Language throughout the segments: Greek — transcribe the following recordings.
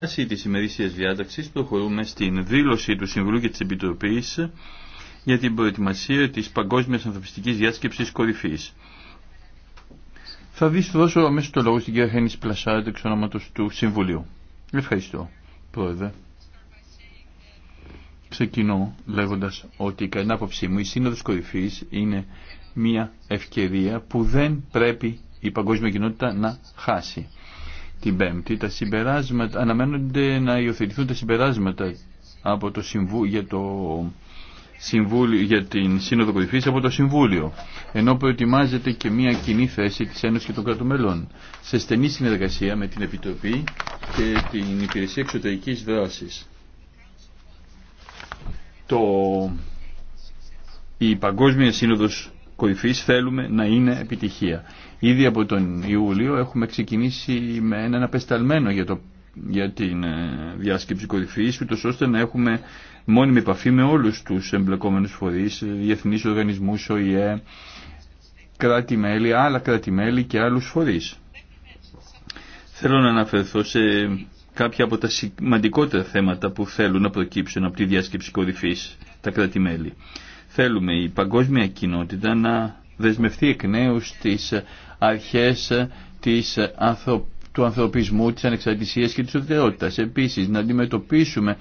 βάση της ημερήσιας διάταξης προχωρούμε στην δήλωση του Συμβουλίου και της Επιτροπής για την προετοιμασία της Παγκόσμιας Ανθρωπιστικής Διάσκεψης Κορυφής. Θα δεις, δώσω αμέσως το λόγο στην κυρία Χένης Πλασάρτ εξ ονόματος του Συμβουλίου. Ευχαριστώ, Πρόεδρε. Ξεκινώ λέγοντας ότι κατά άποψή μου η Σύνοδος Κορυφής είναι μια ευκαιρία που δεν πρέπει η παγκόσμια κοινότητα να χάσει την Πέμπτη τα συμπεράσματα, αναμένονται να υιοθετηθούν τα συμπεράσματα από το συμβου, για το Συμβούλιο, για την Σύνοδο Κορυφής από το Συμβούλιο, ενώ προετοιμάζεται και μια κοινή θέση της Ένωσης και των κρατών σε στενή συνεργασία με την Επιτροπή και την Υπηρεσία Εξωτερικής Δράσης. Το... Η Παγκόσμια Σύνοδος Κορυφής θέλουμε να είναι επιτυχία. Ήδη από τον Ιούλιο έχουμε ξεκινήσει με έναν απεσταλμένο για, το, για την ε, διάσκεψη κορυφής, ούτως ώστε να έχουμε μόνιμη επαφή με όλους τους εμπλεκόμενους φορείς, διεθνείς οργανισμούς, ΟΗΕ, κράτη-μέλη, άλλα κράτη-μέλη και άλλους φορείς. Θέλω να αναφερθώ σε κάποια από τα σημαντικότερα θέματα που θέλουν να προκύψουν από τη διάσκεψη κορυφής τα κράτη-μέλη. Θέλουμε η παγκόσμια κοινότητα να δεσμευτεί εκ νέου στις αρχές ε, της ε, του ανθρωπισμού, της ανεξαρτησίας και της ουδετερότητας. Επίσης, να αντιμετωπίσουμε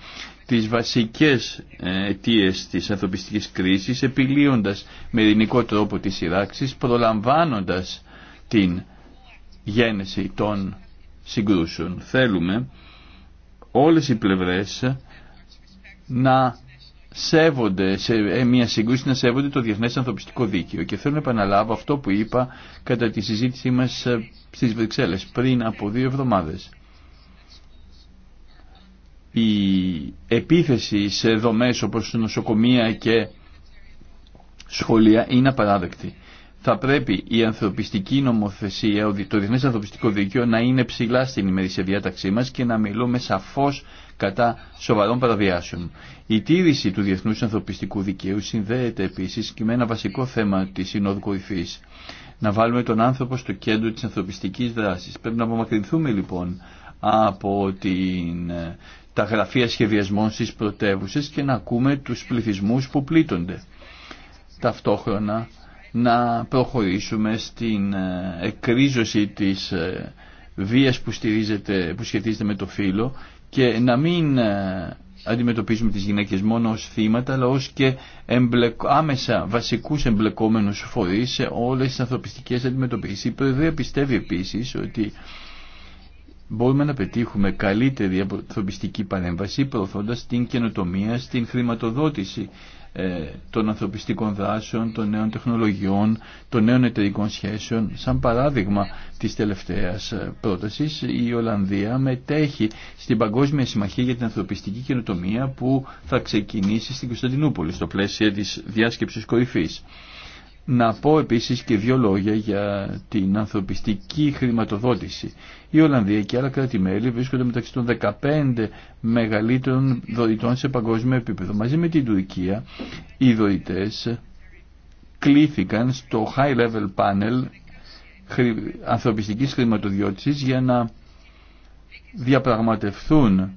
τις βασικές ε, αιτίε της ανθρωπιστικής κρίσης, επιλύοντας με ειρηνικό τρόπο τις σειράξεις, προλαμβάνοντας την γένεση των συγκρούσεων. Θέλουμε όλες οι πλευρές να σέβονται, σε ε, μια σύγκρουση να σέβονται το διεθνές ανθρωπιστικό δίκαιο. Και θέλω να επαναλάβω αυτό που είπα κατά τη συζήτησή μας ε, στις Βρυξέλλες πριν από δύο εβδομάδες. Η επίθεση σε δομές όπως νοσοκομεία και σχολεία είναι απαράδεκτη θα πρέπει η ανθρωπιστική νομοθεσία, το διεθνές ανθρωπιστικό δίκαιο να είναι ψηλά στην ημερήσια διάταξή μας και να μιλούμε σαφώς κατά σοβαρών παραβιάσεων. Η τήρηση του διεθνούς ανθρωπιστικού δικαίου συνδέεται επίσης και με ένα βασικό θέμα της Συνόδου Κορυφής. Να βάλουμε τον άνθρωπο στο κέντρο της ανθρωπιστικής δράσης. Πρέπει να απομακρυνθούμε λοιπόν από την, ε, τα γραφεία σχεδιασμών στις πρωτεύουσε και να ακούμε τους πληθυσμού που πλήττονται. Ταυτόχρονα να προχωρήσουμε στην ε, εκρίζωση της ε, βίας που, που σχετίζεται με το φύλλο και να μην ε, αντιμετωπίζουμε τις γυναίκες μόνο ως θύματα αλλά ως και άμεσα βασικούς εμπλεκόμενους φορείς σε όλες τις ανθρωπιστικές αντιμετωπίσεις. Η Προεδρία πιστεύει επίσης ότι μπορούμε να πετύχουμε καλύτερη ανθρωπιστική παρέμβαση προωθώντας την καινοτομία στην χρηματοδότηση ε, των ανθρωπιστικών δράσεων, των νέων τεχνολογιών, των νέων εταιρικών σχέσεων. Σαν παράδειγμα της τελευταίας ε, πρότασης, η Ολλανδία μετέχει στην Παγκόσμια Συμμαχία για την Ανθρωπιστική Καινοτομία που θα ξεκινήσει στην Κωνσταντινούπολη στο πλαίσιο της διάσκεψης κορυφής. Να πω επίσης και δύο λόγια για την ανθρωπιστική χρηματοδότηση. Η Ολλανδία και άλλα κράτη-μέλη βρίσκονται μεταξύ των 15 μεγαλύτερων δωρητών σε παγκόσμιο επίπεδο. Μαζί με την Τουρκία οι δωρητές κλήθηκαν στο High Level Panel ανθρωπιστικής χρηματοδιώτησης για να διαπραγματευθούν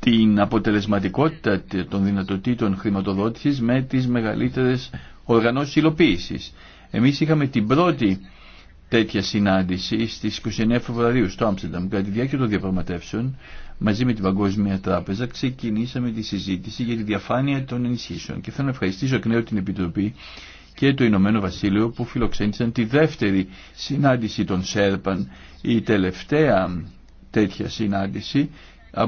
την αποτελεσματικότητα των δυνατοτήτων χρηματοδότησης με τις μεγαλύτερες οργανώσει υλοποίηση. Εμεί είχαμε την πρώτη τέτοια συνάντηση στι 29 Φεβρουαρίου στο Άμστερνταμ. Κατά τη διάρκεια των διαπραγματεύσεων, μαζί με την Παγκόσμια Τράπεζα, ξεκινήσαμε τη συζήτηση για τη διαφάνεια των ενισχύσεων. Και θέλω να ευχαριστήσω εκ νέου την Επιτροπή και το Ηνωμένο Βασίλειο που φιλοξένησαν τη δεύτερη συνάντηση των Σέρπαν. Η τελευταία τέτοια συνάντηση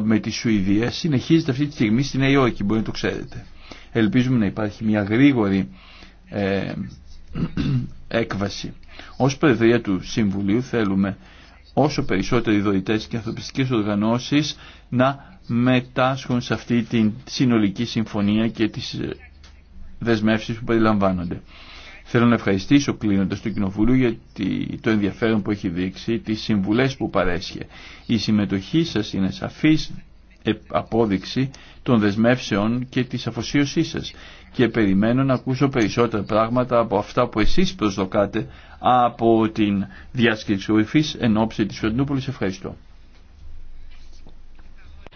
με τη Σουηδία συνεχίζεται αυτή τη στιγμή στην Νέα Υόρκη, μπορεί να το ξέρετε. Ελπίζουμε να υπάρχει μια γρήγορη ε, έκβαση. Ως Προεδρία του Συμβουλίου θέλουμε όσο περισσότεροι δωρητές και ανθρωπιστικές οργανώσεις να μετάσχουν σε αυτή τη συνολική συμφωνία και τις ε, δεσμεύσεις που περιλαμβάνονται. Θέλω να ευχαριστήσω κλείνοντα το Κοινοβούλιο για το ενδιαφέρον που έχει δείξει, τις συμβουλές που παρέσχε. Η συμμετοχή σας είναι σαφής απόδειξη των δεσμεύσεων και της αφοσίωσής σας και περιμένω να ακούσω περισσότερα πράγματα από αυτά που εσείς προσδοκάτε από την διάσκεψη ορυφής εν ώψη της Φιωτινούπολης. Ευχαριστώ.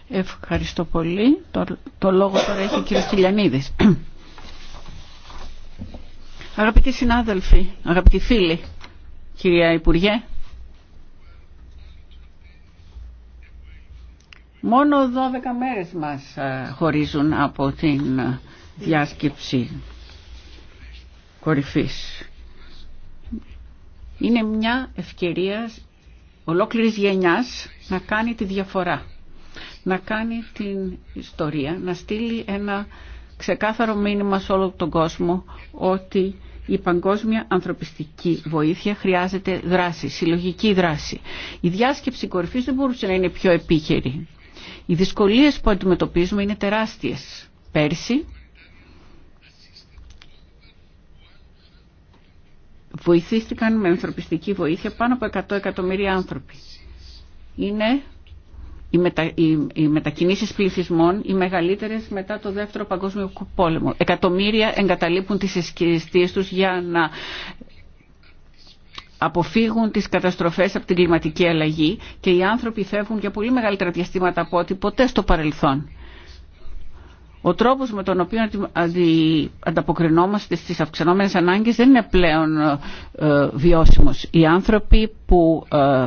Ευχαριστώ πολύ. Το, το λόγο τώρα έχει ο κ. Κυλιανίδης. Αγαπητοί συνάδελφοι, αγαπητοί φίλοι, κυρία Υπουργέ, Μόνο 12 μέρες μας ε, χωρίζουν από την ε, διάσκεψη κορυφής. Είναι μια ευκαιρία ολόκληρης γενιάς να κάνει τη διαφορά, να κάνει την ιστορία, να στείλει ένα ξεκάθαρο μήνυμα σε όλο τον κόσμο ότι η παγκόσμια ανθρωπιστική βοήθεια χρειάζεται δράση, συλλογική δράση. Η διάσκεψη κορυφής δεν μπορούσε να είναι πιο επίκαιρη. Οι δυσκολίες που αντιμετωπίζουμε είναι τεράστιες. Πέρσι βοηθήθηκαν με ανθρωπιστική βοήθεια πάνω από 100 εκατομμύρια άνθρωποι. Είναι οι, μετα, μετακινήσεις πληθυσμών οι μεγαλύτερες μετά το δεύτερο παγκόσμιο πόλεμο. Εκατομμύρια εγκαταλείπουν τις εσκηριστίες τους για να αποφύγουν τις καταστροφές από την κλιματική αλλαγή και οι άνθρωποι φεύγουν για πολύ μεγαλύτερα διαστήματα από ό,τι ποτέ στο παρελθόν. Ο τρόπος με τον οποίο ανταποκρινόμαστε στις αυξανόμενες ανάγκες δεν είναι πλέον ε, ε, βιώσιμος. Οι άνθρωποι που ε,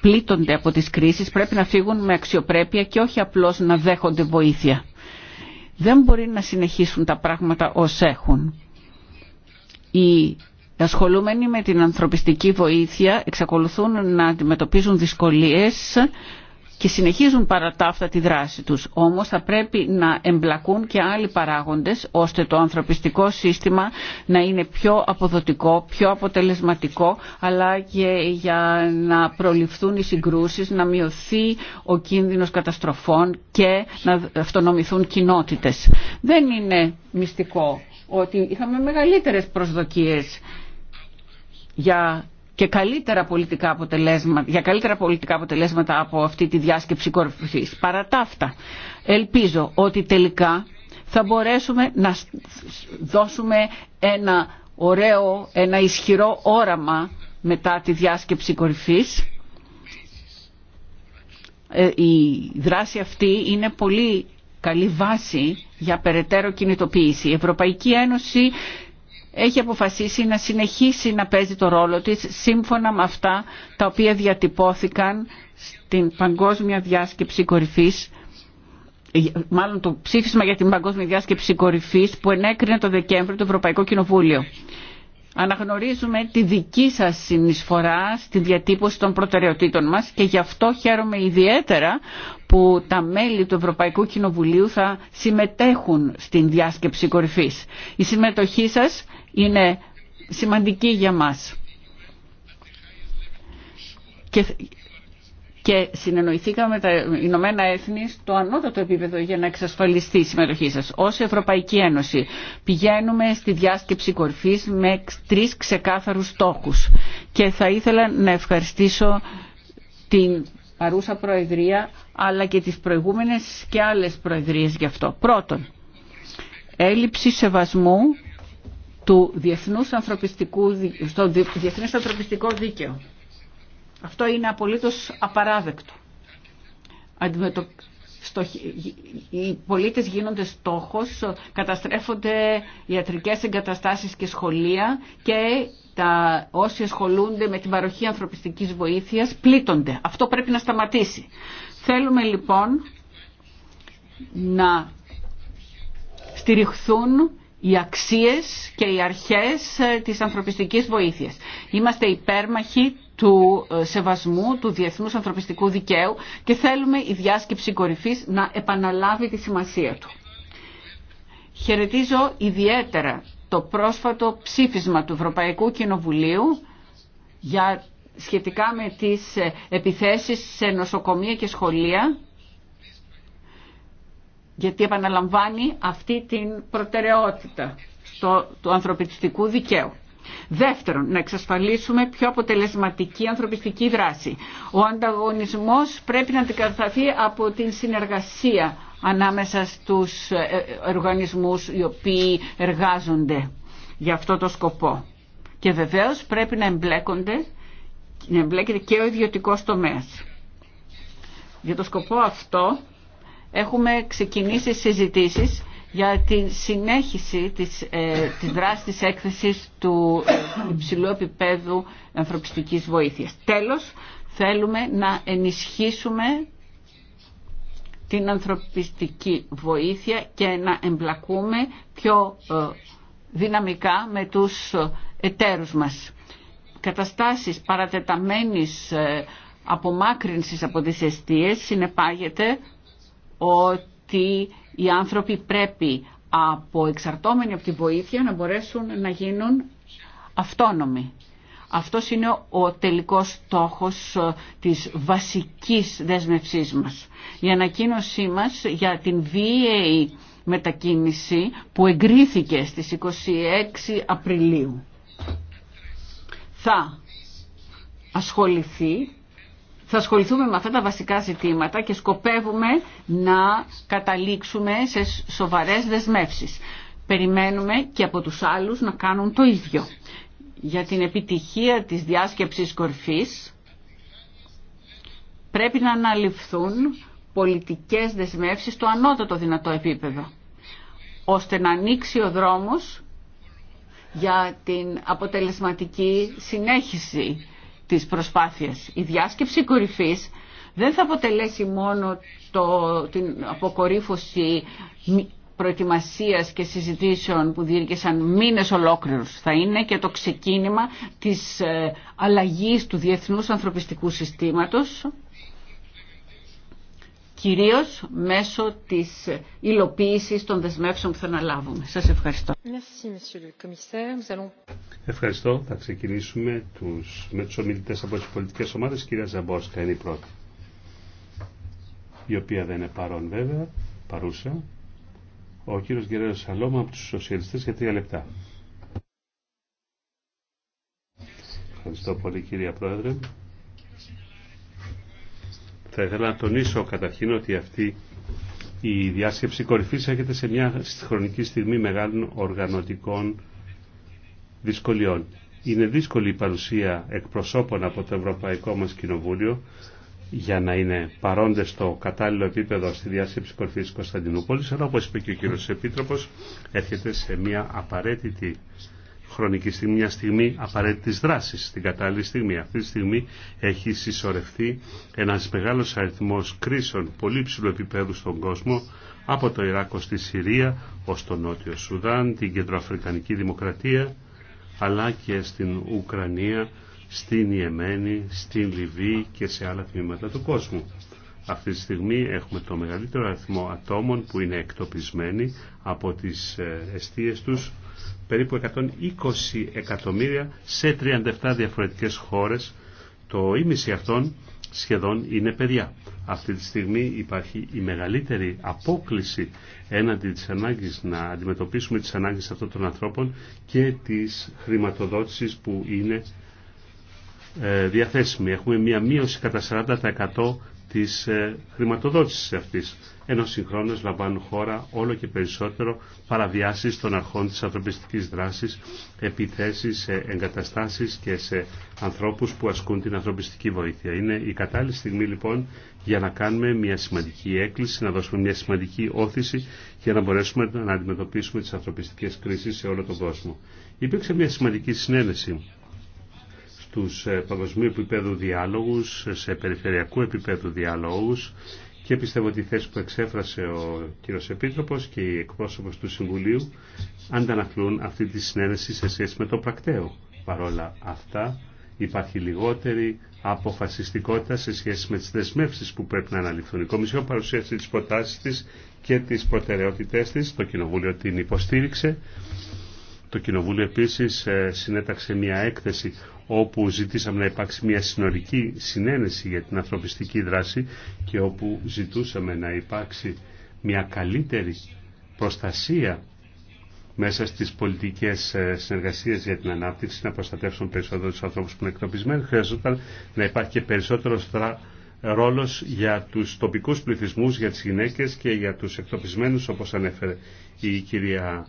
πλήττονται από τις κρίσεις πρέπει να φύγουν με αξιοπρέπεια και όχι απλώς να δέχονται βοήθεια. Δεν μπορεί να συνεχίσουν τα πράγματα ως έχουν. Η ασχολούμενοι με την ανθρωπιστική βοήθεια εξακολουθούν να αντιμετωπίζουν δυσκολίες και συνεχίζουν παρά τη δράση τους. Όμως θα πρέπει να εμπλακούν και άλλοι παράγοντες ώστε το ανθρωπιστικό σύστημα να είναι πιο αποδοτικό, πιο αποτελεσματικό αλλά και για να προληφθούν οι συγκρούσεις, να μειωθεί ο κίνδυνος καταστροφών και να αυτονομηθούν κοινότητες. Δεν είναι μυστικό ότι είχαμε μεγαλύτερες προσδοκίες για και καλύτερα πολιτικά αποτελέσματα, για καλύτερα πολιτικά αποτελέσματα από αυτή τη διάσκεψη κορυφής. Παρά τα αυτά, ελπίζω ότι τελικά θα μπορέσουμε να δώσουμε ένα ωραίο, ένα ισχυρό όραμα μετά τη διάσκεψη κορυφής. Ε, η δράση αυτή είναι πολύ καλή βάση για περαιτέρω κινητοποίηση. Η Ευρωπαϊκή Ένωση έχει αποφασίσει να συνεχίσει να παίζει το ρόλο της σύμφωνα με αυτά τα οποία διατυπώθηκαν στην Παγκόσμια Διάσκεψη Κορυφής μάλλον το ψήφισμα για την Παγκόσμια Διάσκεψη Κορυφής που ενέκρινε το Δεκέμβριο το Ευρωπαϊκό Κοινοβούλιο. Αναγνωρίζουμε τη δική σας συνεισφορά στη διατύπωση των προτεραιοτήτων μας και γι' αυτό χαίρομαι ιδιαίτερα που τα μέλη του Ευρωπαϊκού Κοινοβουλίου θα συμμετέχουν στην διάσκεψη κορυφής. Η συμμετοχή σας είναι σημαντική για μας και συνεννοηθήκαμε τα Ηνωμένα Έθνη στο ανώτατο επίπεδο για να εξασφαλιστεί η συμμετοχή σας. Ως Ευρωπαϊκή Ένωση πηγαίνουμε στη διάσκεψη κορφής με τρεις ξεκάθαρους τόκους. και θα ήθελα να ευχαριστήσω την παρούσα Προεδρία αλλά και τις προηγούμενες και άλλες Προεδρίες γι' αυτό. Πρώτον, έλλειψη σεβασμού του διεθνούς ανθρωπιστικού, στο ανθρωπιστικό δίκαιο αυτό είναι απολύτως απαράδεκτο. Οι πολίτες γίνονται στόχος, καταστρέφονται ιατρικές εγκαταστάσεις και σχολεία και τα όσοι ασχολούνται με την παροχή ανθρωπιστικής βοήθειας πλήττονται. Αυτό πρέπει να σταματήσει. Θέλουμε λοιπόν να στηριχθούν οι αξίες και οι αρχές ε, της ανθρωπιστικής βοήθειας. Είμαστε υπέρμαχοι του ε, σεβασμού του διεθνούς ανθρωπιστικού δικαίου και θέλουμε η διάσκεψη κορυφής να επαναλάβει τη σημασία του. Χαιρετίζω ιδιαίτερα το πρόσφατο ψήφισμα του Ευρωπαϊκού Κοινοβουλίου για σχετικά με τις ε, επιθέσεις σε νοσοκομεία και σχολεία γιατί επαναλαμβάνει αυτή την προτεραιότητα του ανθρωπιστικού δικαίου. Δεύτερον, να εξασφαλίσουμε πιο αποτελεσματική ανθρωπιστική δράση. Ο ανταγωνισμός πρέπει να αντικατασταθεί από την συνεργασία ανάμεσα στους ε, ε, οργανισμούς οι οποίοι εργάζονται για αυτό το σκοπό. Και βεβαίως πρέπει να εμπλέκονται να εμπλέκεται και ο ιδιωτικό τομέα. Για το σκοπό αυτό έχουμε ξεκινήσει συζητήσεις για τη συνέχιση της, ε, της δράσης έκθεσης του ε, υψηλού επίπεδου ανθρωπιστικής βοήθειας. Τέλος, θέλουμε να ενισχύσουμε την ανθρωπιστική βοήθεια και να εμπλακούμε πιο ε, δυναμικά με τους ε, εταίρους μας. Καταστάσεις παρατεταμένης απομάκρυνσης από τις αιστείες συνεπάγεται ότι οι άνθρωποι πρέπει από εξαρτώμενοι από τη βοήθεια να μπορέσουν να γίνουν αυτόνομοι. Αυτό είναι ο τελικός στόχος ε, της βασικής δέσμευσής μας. Η ανακοίνωσή μας για την βίαιη μετακίνηση που εγκρίθηκε στις 26 Απριλίου θα ασχοληθεί θα ασχοληθούμε με αυτά τα βασικά ζητήματα και σκοπεύουμε να καταλήξουμε σε σοβαρές δεσμεύσεις. Περιμένουμε και από τους άλλους να κάνουν το ίδιο. Για την επιτυχία της διάσκεψης κορφής πρέπει να αναλυφθούν πολιτικές δεσμεύσεις στο ανώτατο δυνατό επίπεδο, ώστε να ανοίξει ο δρόμος για την αποτελεσματική συνέχιση τις προσπάθειες. Η διάσκεψη κορυφής δεν θα αποτελέσει μόνο το, την αποκορύφωση προετοιμασίας και συζητήσεων που διήρκεσαν μήνες ολόκληρους. Θα είναι και το ξεκίνημα της ε, αλλαγής του διεθνούς ανθρωπιστικού συστήματος κυρίως μέσω της υλοποίησης των δεσμεύσεων που θα αναλάβουμε. Σας ευχαριστώ. Ευχαριστώ. Θα ξεκινήσουμε τους, με τους ομιλητές από τις πολιτικές ομάδες. κυρία Ζαμπόρσκα είναι η πρώτη, η οποία δεν είναι παρόν βέβαια, παρούσα. Ο κύριος Γκερέρος Σαλώμα από τους Σοσιαλιστές για τρία λεπτά. Ευχαριστώ πολύ κυρία Πρόεδρε. Θα ήθελα να τονίσω καταρχήν ότι αυτή η διάσκεψη κορυφής έρχεται σε μια χρονική στιγμή μεγάλων οργανωτικών δυσκολιών. Είναι δύσκολη η παρουσία εκπροσώπων από το Ευρωπαϊκό μας Κοινοβούλιο για να είναι παρόντες στο κατάλληλο επίπεδο στη διάσκεψη κορυφής Κωνσταντινούπολης, αλλά όπως είπε και ο κύριος Επίτροπος, έρχεται σε μια απαραίτητη χρονική στιγμή, μια στιγμή απαραίτητη δράση, στην κατάλληλη στιγμή. Αυτή τη στιγμή έχει συσσωρευτεί ένα μεγάλο αριθμό κρίσεων πολύ ψηλού επίπεδου στον κόσμο από το Ιράκο στη Συρία ω το Νότιο Σουδάν, την Κεντροαφρικανική Δημοκρατία αλλά και στην Ουκρανία, στην Ιεμένη, στην Λιβύη και σε άλλα τμήματα του κόσμου. Αυτή τη στιγμή έχουμε το μεγαλύτερο αριθμό ατόμων που είναι εκτοπισμένοι από τις εστίες τους περίπου 120 εκατομμύρια σε 37 διαφορετικές χώρες. Το ίμιση αυτών σχεδόν είναι παιδιά. Αυτή τη στιγμή υπάρχει η μεγαλύτερη απόκληση έναντι της ανάγκης να αντιμετωπίσουμε τις ανάγκες αυτών των ανθρώπων και της χρηματοδότησης που είναι ε, διαθέσιμη. Έχουμε μία μείωση κατά 40% της ε, χρηματοδότησης αυτής, ενώ συγχρόνως λαμβάνουν χώρα όλο και περισσότερο παραβιάσεις των αρχών της ανθρωπιστικής δράσης, επιθέσεις σε εγκαταστάσεις και σε ανθρώπους που ασκούν την ανθρωπιστική βοήθεια. Είναι η κατάλληλη στιγμή λοιπόν για να κάνουμε μια σημαντική έκκληση, να δώσουμε μια σημαντική όθηση για να μπορέσουμε να αντιμετωπίσουμε τις ανθρωπιστικές κρίσεις σε όλο τον κόσμο. Υπήρξε μια σημαντική συνένεση τους ε, παγκοσμίου επίπεδου διάλογους, σε περιφερειακού επίπεδου διάλογους και πιστεύω ότι η θέση που εξέφρασε ο κύριος Επίτροπος και οι εκπρόσωπος του Συμβουλίου αντανακλούν αυτή τη συνένεση σε σχέση με το πρακτέο. Παρόλα αυτά υπάρχει λιγότερη αποφασιστικότητα σε σχέση με τις δεσμεύσεις που πρέπει να αναλυθούν. Η Κομισιόν παρουσίασε τις προτάσεις της και τις προτεραιότητές της. Το Κοινοβούλιο την υποστήριξε. Το Κοινοβούλιο επίσης ε, συνέταξε μια έκθεση όπου ζητήσαμε να υπάρξει μια συνολική συνένεση για την ανθρωπιστική δράση και όπου ζητούσαμε να υπάρξει μια καλύτερη προστασία μέσα στις πολιτικές ε, συνεργασίες για την ανάπτυξη, να προστατεύσουν περισσότερο τους ανθρώπους που είναι εκτοπισμένοι. Χρειαζόταν να υπάρχει και περισσότερος ρόλος για τους τοπικούς πληθυσμούς, για τις γυναίκες και για τους εκτοπισμένους, όπως ανέφερε η κυρία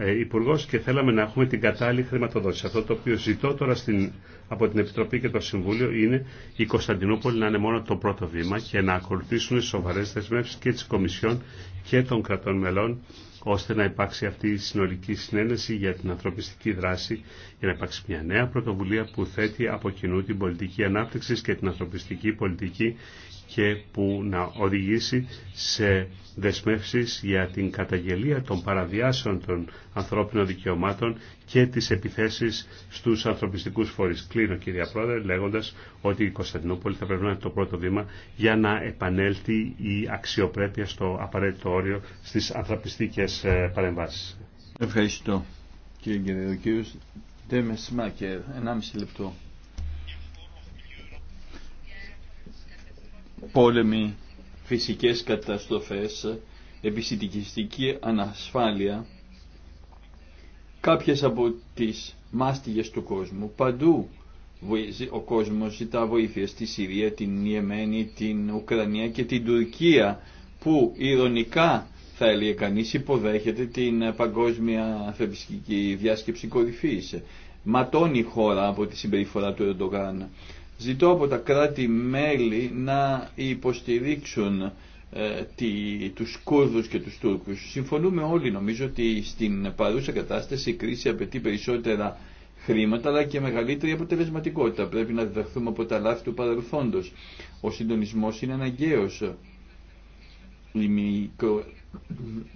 ε, υπουργό και θέλαμε να έχουμε την κατάλληλη χρηματοδότηση. Αυτό το οποίο ζητώ τώρα στην, από την Επιτροπή και το Συμβούλιο είναι η Κωνσταντινούπολη να είναι μόνο το πρώτο βήμα και να ακολουθήσουν σοβαρέ δεσμεύσει και τη Κομισιόν και των κρατών μελών ώστε να υπάρξει αυτή η συνολική συνένεση για την ανθρωπιστική δράση, για να υπάρξει μια νέα πρωτοβουλία που θέτει από κοινού την πολιτική ανάπτυξη και την ανθρωπιστική πολιτική και που να οδηγήσει σε δεσμεύσεις για την καταγγελία των παραδιάσεων των ανθρώπινων δικαιωμάτων και τις επιθέσεις στους ανθρωπιστικούς φορείς. Κλείνω κυρία Πρόεδρε λέγοντας ότι η Κωνσταντινούπολη θα πρέπει να είναι το πρώτο βήμα για να επανέλθει η αξιοπρέπεια στο απαραίτητο όριο στις ανθρωπιστικές ε, παρεμβάσεις. Ευχαριστώ κύριε λεπτό. Πόλεμοι φυσικές καταστροφές, επιστημιστική ανασφάλεια, κάποιες από τις μάστιγες του κόσμου, παντού ο κόσμος ζητά βοήθεια στη Συρία, την Ιεμένη, την Ουκρανία και την Τουρκία που ηρωνικά θα έλεγε κανείς υποδέχεται την παγκόσμια ανθρωπιστική διάσκεψη κορυφής. Ματώνει η χώρα από τη συμπεριφορά του Ερντογάν. Ζητώ από τα κράτη-μέλη να υποστηρίξουν ε, τη, τους Κούρδους και τους Τούρκους. Συμφωνούμε όλοι νομίζω ότι στην παρούσα κατάσταση η κρίση απαιτεί περισσότερα χρήματα αλλά και μεγαλύτερη αποτελεσματικότητα. Πρέπει να διδαχθούμε από τα λάθη του παρελθόντος. Ο συντονισμός είναι αναγκαίος.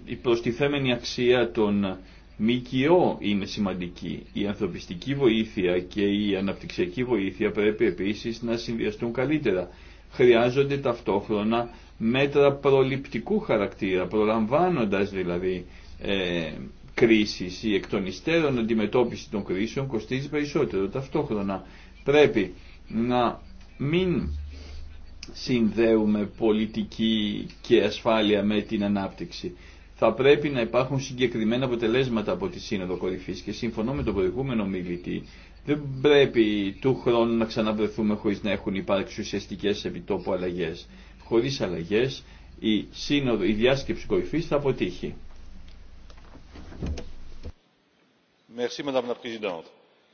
Η προστιθέμενη αξία των ΜΚΟ είναι σημαντική. Η ανθρωπιστική βοήθεια και η αναπτυξιακή βοήθεια πρέπει επίσης να συνδυαστούν καλύτερα. Χρειάζονται ταυτόχρονα μέτρα προληπτικού χαρακτήρα, προλαμβάνοντας δηλαδή ε, κρίσεις. Η εκ των υστέρων αντιμετώπιση των κρίσεων κοστίζει περισσότερο. Ταυτόχρονα πρέπει να μην συνδέουμε πολιτική και ασφάλεια με την ανάπτυξη θα πρέπει να υπάρχουν συγκεκριμένα αποτελέσματα από τη Σύνοδο Κορυφής και συμφωνώ με τον προηγούμενο μιλητή, δεν πρέπει του χρόνου να ξαναβρεθούμε χωρίς να έχουν υπάρξει ουσιαστικές επιτόπου αλλαγές. Χωρίς αλλαγές η, σύνοδο, η διάσκεψη κορυφής θα αποτύχει.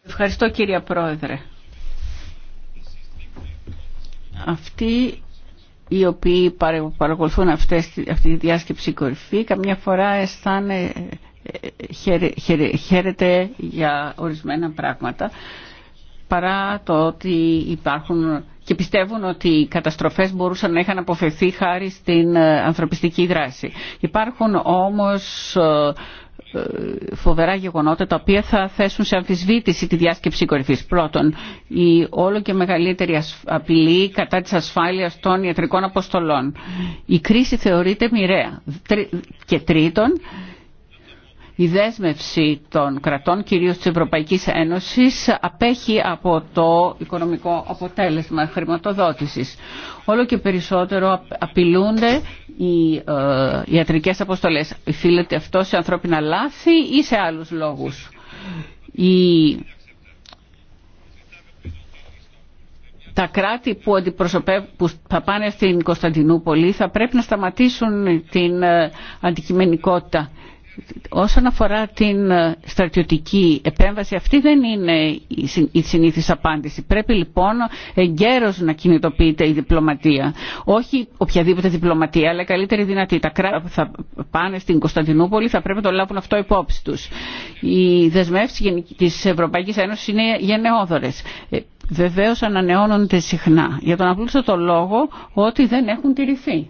Ευχαριστώ κύριε Πρόεδρε. Αυτή οι οποίοι παρακολουθούν αυτές, αυτή τη διάσκεψη κορυφή καμιά φορά αισθάνε ε, ε, χαίρεται για ορισμένα πράγματα παρά το ότι υπάρχουν και πιστεύουν ότι οι καταστροφές μπορούσαν να είχαν αποφευθεί χάρη στην ε, ανθρωπιστική δράση. Υπάρχουν όμως φοβερά γεγονότα τα οποία θα θέσουν σε αμφισβήτηση τη διάσκεψη κορυφή. Πρώτον, η όλο και μεγαλύτερη απειλή κατά τη ασφάλειας των ιατρικών αποστολών. Η κρίση θεωρείται μοιραία. Και τρίτον, η δέσμευση των κρατών, κυρίως της Ευρωπαϊκής Ένωσης, απέχει από το οικονομικό αποτέλεσμα χρηματοδότησης. Όλο και περισσότερο απειλούνται οι ε, ιατρικές αποστολές. Οφείλεται αυτό σε ανθρώπινα λάθη ή σε άλλους λόγους. τα κράτη που, που θα πάνε στην Κωνσταντινούπολη θα πρέπει να σταματήσουν την ε, αντικειμενικότητα όσον αφορά την ε, στρατιωτική επέμβαση, αυτή δεν είναι η συνήθις απάντηση. Πρέπει λοιπόν εγκαίρως να κινητοποιείται η διπλωματία. Όχι οποιαδήποτε διπλωματία, αλλά καλύτερη δυνατή. Τα κράτη που θα πάνε στην Κωνσταντινούπολη θα πρέπει να το λάβουν αυτό υπόψη τους. Οι δεσμεύσεις της Ευρωπαϊκής Ένωσης είναι γενναιόδορες. Ε, βεβαίως ανανεώνονται συχνά, για τον απλούστο το λόγο ότι δεν έχουν τηρηθεί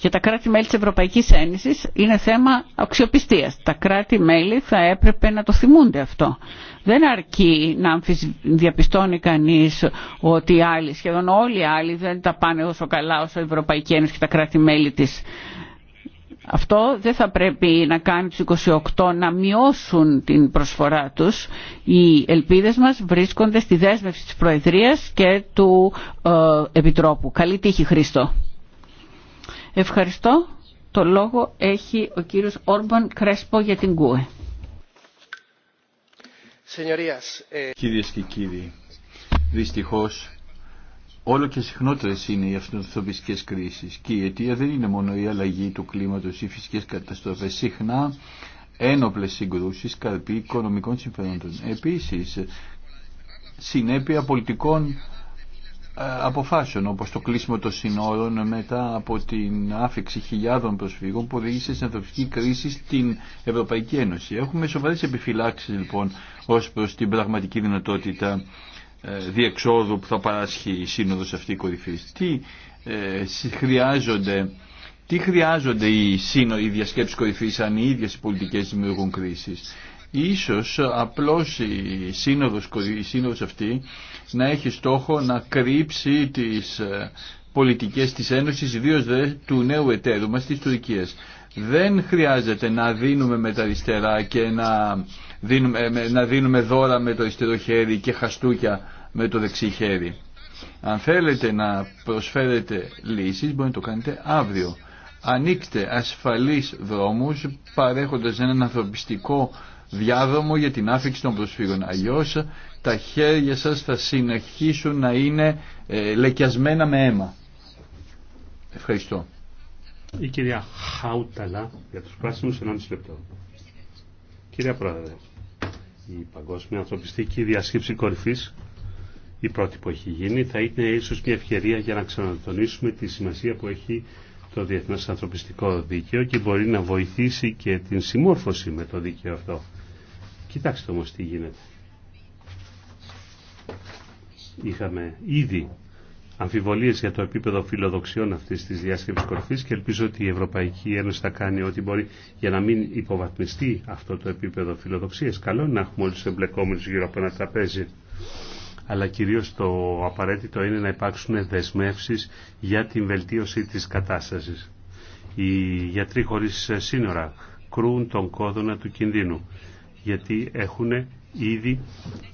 για τα κράτη-μέλη της Ευρωπαϊκής Ένωσης είναι θέμα αξιοπιστίας. Τα κράτη-μέλη θα έπρεπε να το θυμούνται αυτό. Δεν αρκεί να διαπιστώνει κανείς ότι οι άλλοι, σχεδόν όλοι οι άλλοι δεν τα πάνε όσο καλά όσο η Ευρωπαϊκή Ένωση και τα κράτη-μέλη της. Αυτό δεν θα πρέπει να κάνει τους 28 να μειώσουν την προσφορά τους. Οι ελπίδες μας βρίσκονται στη δέσμευση της Προεδρίας και του ε, Επιτρόπου. Καλή τύχη Χρήστο. Ευχαριστώ. Το λόγο έχει ο κύριος Όρμπαν Κρέσπο για την ΚΟΕ. Ε, Κυρίες και κύριοι, δυστυχώς όλο και συχνότερες είναι οι αυτοθοπιστικές κρίσεις και η αιτία δεν είναι μόνο η αλλαγή του κλίματος ή φυσικές καταστροφές. Συχνά ένοπλες συγκρούσεις καρπή οικονομικών συμφερόντων. Επίσης, συνέπεια πολιτικών ε, αποφάσεων όπως το κλείσιμο των συνόρων μετά από την άφηξη χιλιάδων προσφύγων που οδήγησε σε ανθρωπιστική κρίση στην Ευρωπαϊκή Ένωση. Έχουμε σοβαρές επιφυλάξεις λοιπόν ως προς την πραγματική δυνατότητα ε, διεξόδου που θα παράσχει η σύνοδος αυτή κορυφή. Τι, ε, χρειάζονται, τι χρειάζονται οι, οι διασκέψεις κορυφής αν οι ίδιες οι πολιτικές δημιουργούν κρίσεις. Ίσως απλώς η σύνοδος, η σύνοδος αυτή να έχει στόχο να κρύψει τις ε, πολιτικές της Ένωσης, ιδίως δε του νέου εταίρου μας της Τουρκίας. Δεν χρειάζεται να δίνουμε με τα αριστερά και να δίνουμε, ε, να δίνουμε δώρα με το αριστερό χέρι και χαστούκια με το δεξί χέρι. Αν θέλετε να προσφέρετε λύσεις μπορείτε να το κάνετε αύριο. Ανοίξτε ασφαλείς δρόμους παρέχοντας έναν ανθρωπιστικό Διάδομο για την άφηξη των προσφύγων. Αλλιώ τα χέρια σα θα συνεχίσουν να είναι ε, λεκιασμένα με αίμα. Ευχαριστώ. Η κυρία Χάουταλα για τους πράσινους λεπτό. Κυρία Πρόεδρε, η Παγκόσμια Ανθρωπιστική Διασκήψη Κορυφή, η πρώτη που έχει γίνει θα είναι ίσω μια ευκαιρία για να ξανατονίσουμε τη σημασία που έχει το Διεθνές Ανθρωπιστικό Δίκαιο και μπορεί να βοηθήσει και την συμμόρφωση με το δίκαιο αυτό. Κοιτάξτε όμως τι γίνεται. Είχαμε ήδη αμφιβολίες για το επίπεδο φιλοδοξιών αυτής της διάσκεψης κορφής και ελπίζω ότι η Ευρωπαϊκή Ένωση θα κάνει ό,τι μπορεί για να μην υποβαθμιστεί αυτό το επίπεδο φιλοδοξίας. Καλό είναι να έχουμε όλους τους εμπλεκόμενους γύρω από ένα τραπέζι αλλά κυρίως το απαραίτητο είναι να υπάρξουν δεσμεύσεις για την βελτίωση της κατάστασης. Οι γιατροί χωρίς σύνορα κρούν τον κόδωνα του κινδύνου γιατί έχουν ήδη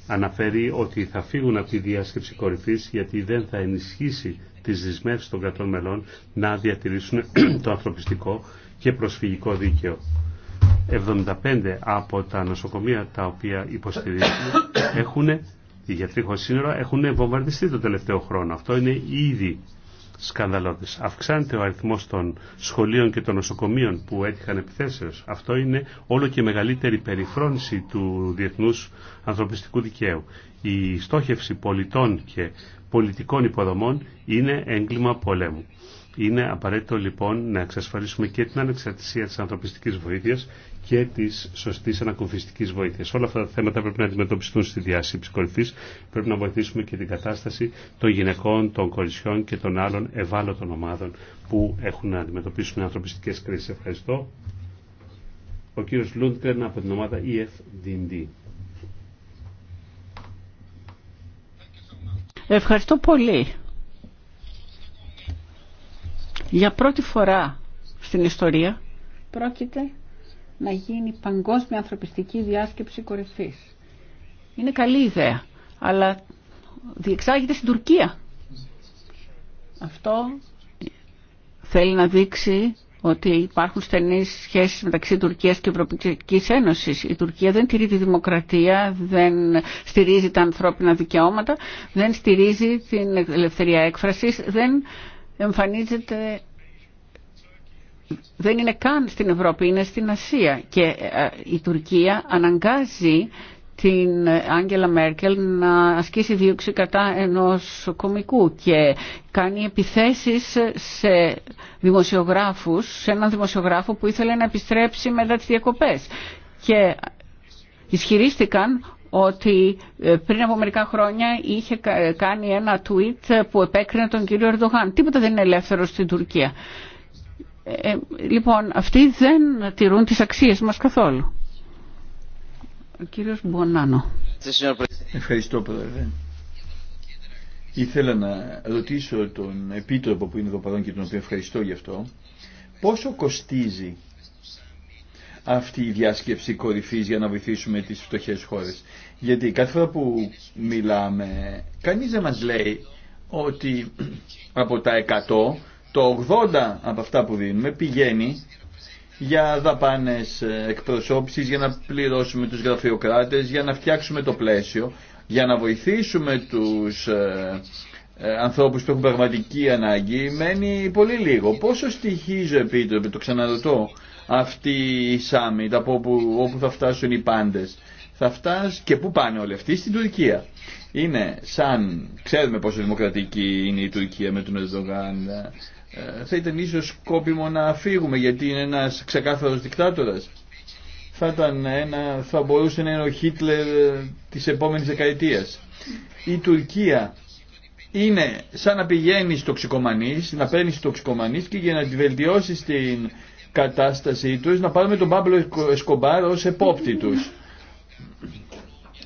αναφέρει ότι θα φύγουν από τη διάσκεψη κορυφής γιατί δεν θα ενισχύσει τις δυσμεύσεις των κρατών μελών να διατηρήσουν το ανθρωπιστικό και προσφυγικό δίκαιο. 75 από τα νοσοκομεία τα οποία υποστηρίζουν έχουν, οι γιατροί σύνορα έχουν βομβαρδιστεί το τελευταίο χρόνο. Αυτό είναι ήδη σκανδαλώδες. Αυξάνεται ο αριθμός των σχολείων και των νοσοκομείων που έτυχαν επιθέσεως. Αυτό είναι όλο και μεγαλύτερη περιφρόνηση του διεθνούς ανθρωπιστικού δικαίου. Η στόχευση πολιτών και πολιτικών υποδομών είναι έγκλημα πολέμου. Είναι απαραίτητο λοιπόν να εξασφαλίσουμε και την ανεξαρτησία της ανθρωπιστικής βοήθειας και τη σωστή ανακουφιστική βοήθεια. Όλα αυτά τα θέματα πρέπει να αντιμετωπιστούν στη διάσκεψη κορυφή. Πρέπει να βοηθήσουμε και την κατάσταση των γυναικών, των κορισιών και των άλλων ευάλωτων ομάδων που έχουν να αντιμετωπίσουν ανθρωπιστικέ κρίσει. Ευχαριστώ. Ο κύριος Λούντκρεν από την ομάδα EFDD. Ευχαριστώ πολύ. Για πρώτη φορά στην ιστορία πρόκειται να γίνει παγκόσμια ανθρωπιστική διάσκεψη κορυφής. Είναι καλή ιδέα, αλλά διεξάγεται στην Τουρκία. Αυτό θέλει να δείξει ότι υπάρχουν στενές σχέσεις μεταξύ Τουρκίας και Ευρωπαϊκής Ένωσης. Η Τουρκία δεν τηρεί τη δημοκρατία, δεν στηρίζει τα ανθρώπινα δικαιώματα, δεν στηρίζει την ελευθερία έκφρασης, δεν εμφανίζεται δεν είναι καν στην Ευρώπη, είναι στην Ασία και ε, η Τουρκία αναγκάζει την Άγγελα Μέρκελ να ασκήσει δίωξη κατά ενός κομικού και κάνει επιθέσεις σε δημοσιογράφους, σε έναν δημοσιογράφο που ήθελε να επιστρέψει μετά τις διακοπές. Και ισχυρίστηκαν ότι ε, πριν από μερικά χρόνια είχε κάνει ένα tweet που επέκρινε τον κύριο Ερντογάν. Τίποτα δεν είναι ελεύθερο στην Τουρκία. Ε, λοιπόν, αυτοί δεν τηρούν τις αξίες μας καθόλου. Ο κύριος Μπονάνο. Ευχαριστώ, Πρόεδρε. Ήθελα να ρωτήσω τον Επίτροπο που είναι εδώ παρόν και τον οποίο ευχαριστώ γι' αυτό, πόσο κοστίζει αυτή η διάσκεψη κορυφής για να βοηθήσουμε τις φτωχές χώρες. Γιατί κάθε φορά που μιλάμε, κανείς δεν μας λέει ότι από τα 100 το 80 από αυτά που δίνουμε πηγαίνει για δαπάνες ε, εκπροσώπησης, για να πληρώσουμε τους γραφειοκράτες, για να φτιάξουμε το πλαίσιο, για να βοηθήσουμε τους ε, ε, ανθρώπους που έχουν πραγματική ανάγκη, μένει πολύ λίγο. Πόσο στοιχίζω επίτροπε, το ξαναρωτώ, αυτή η σάμιτ από όπου, όπου θα φτάσουν οι πάντες. Θα φτάσει και πού πάνε όλοι αυτοί, στην Τουρκία. Είναι σαν, ξέρουμε πόσο δημοκρατική είναι η Τουρκία με τον Ερδογάν, ε, θα ήταν ίσως κόπιμο να φύγουμε γιατί είναι ένας ξεκάθαρος δικτάτορας. Θα, ένα, θα μπορούσε να είναι ο Χίτλερ ε, της επόμενης δεκαετίας. Η Τουρκία είναι σαν να πηγαίνει στο να παίρνει στο τοξικομανής και για να τη βελτιώσει την κατάστασή τους να πάρουμε τον Πάμπλο Εσκομπάρ ως επόπτη τους.